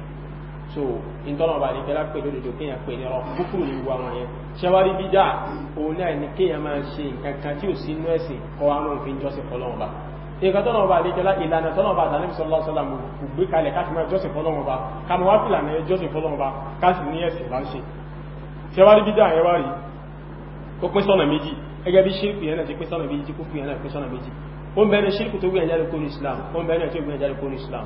so ìtọ́nà ọba ní kẹlá pẹ̀lú òdòdó kíyàn pè ní ọ̀rọ̀ kúkúrù ní gbogbo àwọn yẹn ṣẹwárí bídá òun náà ní kíyàn máa ṣe nǹkan kan tí ò sí inú ẹ̀sìn ọwá mọ́ fi jọ́sìn fọ́lọ́wọ́n ba ìkan tọ́nà ọba ni kẹlá ìlànà tọ́nà ọba àtàlẹ́bí sọ́lọ́sọ́lá mú gbé kalẹ̀ káfí máa jọ́sìn fọ́lọ́wọ́n ba ká mọ́ wá fìlà ní jọ́sìn fọ́lọ́wọ́n ba ká sì ní ẹ̀sìn bá ń ṣe ṣẹwárí bídá yẹn wá rí ó pín sọ́nà méjì gẹ́gẹ́ bí ṣírkù yẹn náà ti pín sọ́nà méjì tí kúkú yẹn náà pín sọ́nà méjì ó ń bẹ́ẹ̀ ní ṣírkù tó gbìyànjáde kó ní Islam ó ń bẹ́ẹ̀ ní ẹ̀ Islam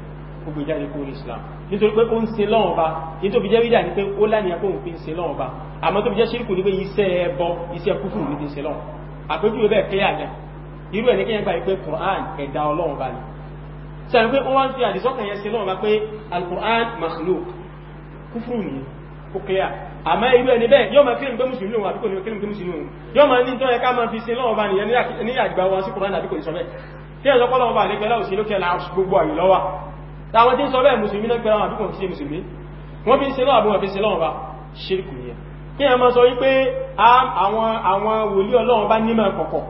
kó gbé jáde kó ní islam nítorí pé ó ń ṣe lọ́wọ́n ba yìí tó fi jẹ́ bídà ní pé ó lánìyàn kó ń fi ń ṣe lọ́wọ́n ba àmọ́ tó fi jẹ́ ṣírìkù ní pé iṣẹ́ ẹbọ iṣẹ́ kúfùrù ní ti ṣe lọ́wọ́n àpéjúwe bẹ́ẹ̀ kílẹ̀ àjẹ́ irú ẹ̀ ní kéèyàn gbà pé Qur'an ẹ̀dá Ọlọ́run ni ba pé al-Qur'an ni ó kílẹ̀ àmọ́ irú ẹni bẹ́ẹ̀ yóò máa kílìm pé mùsùlùmí òun àbíkò ní kílìm pé mùsùlùmí òun yóò máa ní tọ́yẹ ká máa fi ṣe lọ́wọ́ bá nìyẹn ní àgbà tí ẹ̀sọ́pọ̀ bá ní pẹ́lá òṣèlú kẹlà gbogbo àyè táwọn tí ń sọ bẹ́ẹ̀ mùsùlùmí náà pẹ̀lú àdúgbò sí mùsùlùmí wọ́n fi ń se lọ́wọ́ àbúwọ̀n fi ń ṣe lọ́wọ́ bá ṣírìkù yẹn kí a máa sọ wípé àwọn wòlí ọlọ́run bá nímọ̀ kọ̀kọ̀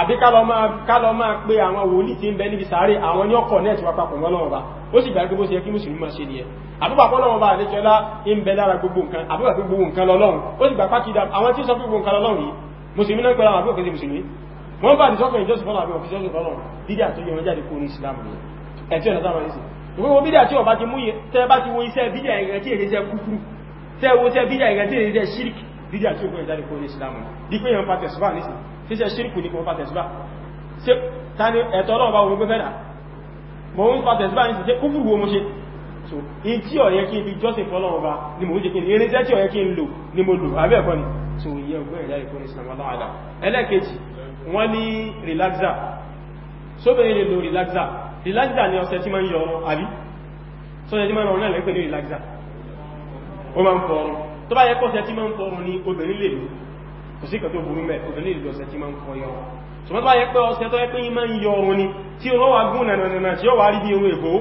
àbí kálọ máa pé àwọn wòlí tí ń bẹ níbi sàárè àwọn ní ọkọ̀ nẹ́ẹ̀tì wà papọ̀ lọ́wọ́ bá ó sì gbàgbé bó ṣe kí mùsùlùmí máa ṣe nìyẹn àbúgbàpọ̀ lọ́wọ́ bá àlejọ́lá ń bẹ lára gbogbo nǹkan àbúgbà gbogbo nǹkan lọ́lọ́run ó sì gbàpá kí àwọn tí sọ gbogbo nǹkan lọ́lọ́run yìí mùsùlùmí náà pẹ̀lú àwọn àbúgbà kẹsì mùsùlùmí wọ́n bá àdìsọ́kùnrin jọ́sùn fọ́lọ́ àbúgbà kẹsì fọ́lọ́run dídí àtúnyẹ̀wọ̀n jáde kúrò ní ìsìlámù nìyẹn ẹ̀tí ọ̀nà sáwọn ìsìn ìwé wo bídà tí ọba ti mú tẹ́ bá ti wo iṣẹ́ bídà ìrẹ́ tí èdèṣẹ́ kúkúrú tẹ́ wo iṣẹ́ bídà ìrẹ́ tí èdèṣẹ́ ṣíríkì bídà tí ó gbọ́n ìjáde kó ní ìsìlámù di pé yẹn pa tẹ̀sùbá nísìn tí iṣẹ́ ṣíríkù ní kò pa tẹ̀sùbá ṣe ta ni ẹ̀tọ́ náà bá wo gbé fẹ́dà mo ń pa tẹ̀sùbá nísìn tí kúkúrú wo mo ṣe so in tí ọ̀yẹ́ kí n fi jọ́sìn fọ́lọ́wọ́ bá ni mo jẹ́ kí ni irinṣẹ́ tí ọ̀yẹ́ kí n lò ni mo lò àbẹ́ ẹ̀kọ́ ni so iye ọgbọ́n ìjáde kó ní ìsìlámù aláwàdà ẹlẹ́kejì wọ́n ní relaxer sóbìnrin lè lo relaxer ìlàjìdà ni ọ̀sẹ̀ tí ma ń yọ ọrùn àbí sọ́sẹ̀ tí ma ń rọrùn náà lẹ́pẹ̀ ní ìlàjìdà ó ma ń fọ ọrùn tó bá yẹ kọ́sẹ̀ tí ma ń fọ ọrùn ní obìnrin lè lò kò sí kà tó burú mẹ́ obìnrin lè lò ọ̀sẹ̀ tí ma ń fọ yọ ṣùgbọ́n bá yẹ pé ọ̀sẹ̀ tó yẹ pé yí ma ń yọ ọrùn ni tí ó wà gún nànà tí ó wà rí bí ewé èbó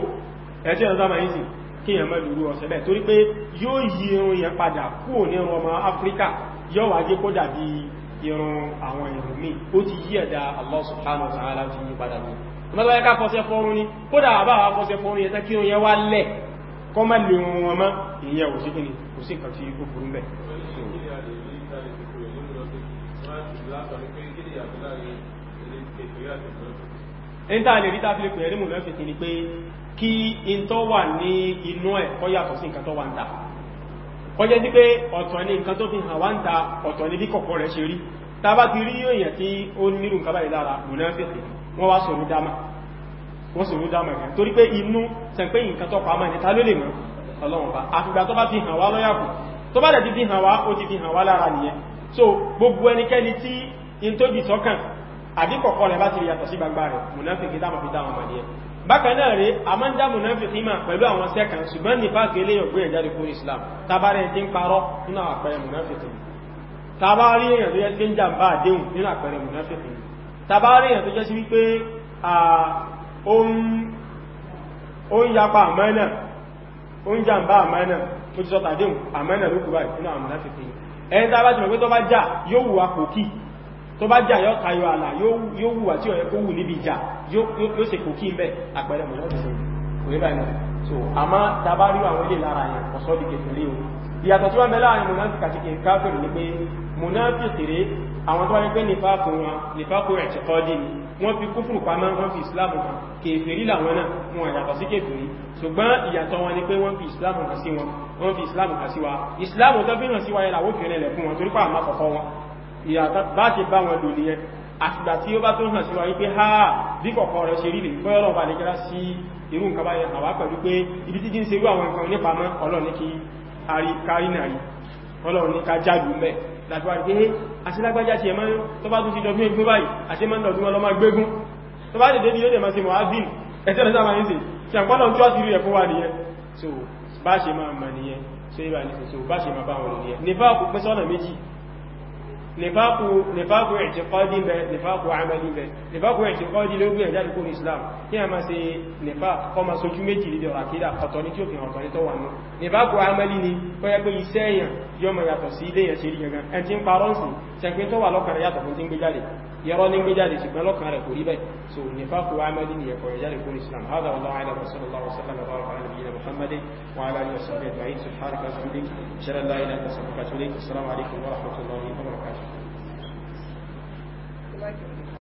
ẹ̀tí ọ̀sá ma ń sì kí èèyàn mẹ́lú irú ọ̀sẹ̀ bẹ́ẹ̀ torí pé yóò yí irun yẹn padà kúrò ní irun àwọn irun míì ó ti yí ẹ̀dà Allah subhanahu wa ta'ala ti yí padà ní mọ́tò ẹ̀ká fọ́sẹ́ fọ́rún ní kódà àbá àwọn fọ́sẹ́ fọ́rún yẹn tẹ́kí oúnjẹ wá lẹ̀ kọ́ má lè wọn wọn mọ́ ìyẹn ò sí kìíní kò sí nǹkan tí ó burú bẹ̀ níta lè rí tábílì pẹ̀lú mú lọ́fẹ́ kìíní pé kí in tó wà ní inú ẹ̀ kọ́ tí ó nírù nǹkan báyìí lára mú wọ́n wá sọ̀rọ̀ dáma wọ́n sọ̀rọ̀ dáma rẹ̀ torí pé inú tẹ̀pẹ́ nǹkan tó pàmà ní ta ló lè mọ́ ọlọ́run bá àfìgbà tó bá fi hàn wá lọ́yàkù tó bá dẹ̀ ti fi hàn wá ó ti fi hàn wá lára nìyẹn so gbogbo ẹnikẹ́ni tí in tó jì sọ́kàn àbí kọ̀kọ́ rẹ̀ bá ti rí yàtọ̀ sí gbangba rẹ̀ mùnáfíkì dáma fi dáwọn màdíẹ̀ bákan náà rẹ̀ a máa ń dá mùnáfíkì mà pẹ̀lú àwọn sẹ́kàn ṣùgbọ́n ní fáàkì eléyàn gbé ẹ̀jáde fún Islam tabarẹ̀ ti ń parọ́ nínú àpẹẹrẹ mùnáfíkì tabarí èèyàn àdéhùn nínú àpẹẹrẹ mùnáfíkì tàbárí èyàn tó jẹ́ sí wípé ó ń yapa àmánà ó ń jàmbá àmánà ó ti sọ́tà déhùn àmánà ló kù báyìí nínú àmánà fífi ẹni tàbá ti mọ̀ pé tó bá jà yóò wùwà kò kí tó bá jà yóò tayọ àlà yóò wùwà tí ọ̀yẹ́ kó wù níbi ìjà yóò ṣe kò kí ń bẹ́ àpẹẹrẹ mọ̀ lọ́dún sí kò rí báyìí so àmá tàbá rí àwọn ilé lára yẹn ọ̀sọ́ di kèfèrí o ìyàtọ̀ tí wọ́n bẹ láàrin mọ̀ láti kàtíkè káfíìn ní pé munafiki rẹ̀ àwọn tó wá ní pé nífàkù wọn nífàkù ẹ̀tìkọ́dì ni wọ́n fi kúfùrù pamọ́ wọ́n fi ìsìláàmù hàn kèfèrí làwọn náà wọn yàtọ̀ feri kèfèrí ṣùgbọ́n ìyàtọ̀ wọn ni pé wọ́n fi ìsìláàmù hàn sí wọn wọ́n fi ìsìláàmù hàn sí wa ìsìláàmù tó fihàn sí wa yẹn làwọn òkèrè lẹ̀ fún wọn torípa àmà kọ̀kọ́ wọn ìyàtọ̀ bá ti bá wọn lò nìyẹn àtìgbà tí ó bá tó hàn sí wa wípé ha bí kọ̀kọ́ rẹ̀ ṣe rí lè fẹ́ ọlọ́ọ̀bà lè gẹ́rá sí irú nǹkan báyẹn àwá pẹ̀lú pé ibi títí ń ṣe irú àwọn nǹkan nípa mọ́ ọlọ́ọ̀ ní kí a rí kárí náà rí ọlọ́ọ̀ ní ká jáde mẹ́ làbíwá rí pé àṣílágbájá ti ẹ̀mọ́ tó bá tún ti dọ̀gbìn ìgbó báyìí àti mọ́ dọ̀gbìn wọn lọ máa gbégún tó bá dẹ̀dẹ̀ ní yóò dẹ̀ máa ṣe mọ̀hábìn ẹ̀sẹ̀ lọ sáà ní sí àpọ́lọ̀ tó àti rí ẹ̀kọ́ wà nìyẹn so bá ṣe máa mọ̀ nìyẹn so ibà ní so bá ṣe máa bá wọn nìyẹn nífà kò pẹ́ sọ́nà méjì nífàkù ẹ̀tìkọ́dí bẹ nífàkù àmàlì bẹ nífàkù ẹ̀tìkọ́dí lórí ẹ̀jáde kó ní islam kí a máa ṣe nífàkù ọmọ sojú méjì lílẹ̀ àkídà ọ̀tọ̀ ní tí ó fi hàn tọ́lítọ́ wà ní nífàkù àmàlì ni kọ́ pé يرى نيمي جادي سيكون لو كان يقول سو نفاق وعمل يكون يجاري يكون الإسلام هذا والله أعلم وصلى الله وسلم وبارك على نبينا محمد وعلى آله وصحبه أجمعين سبحانك وبحمدك شر الله إلى إله إلا السلام عليكم ورحمة الله وبركاته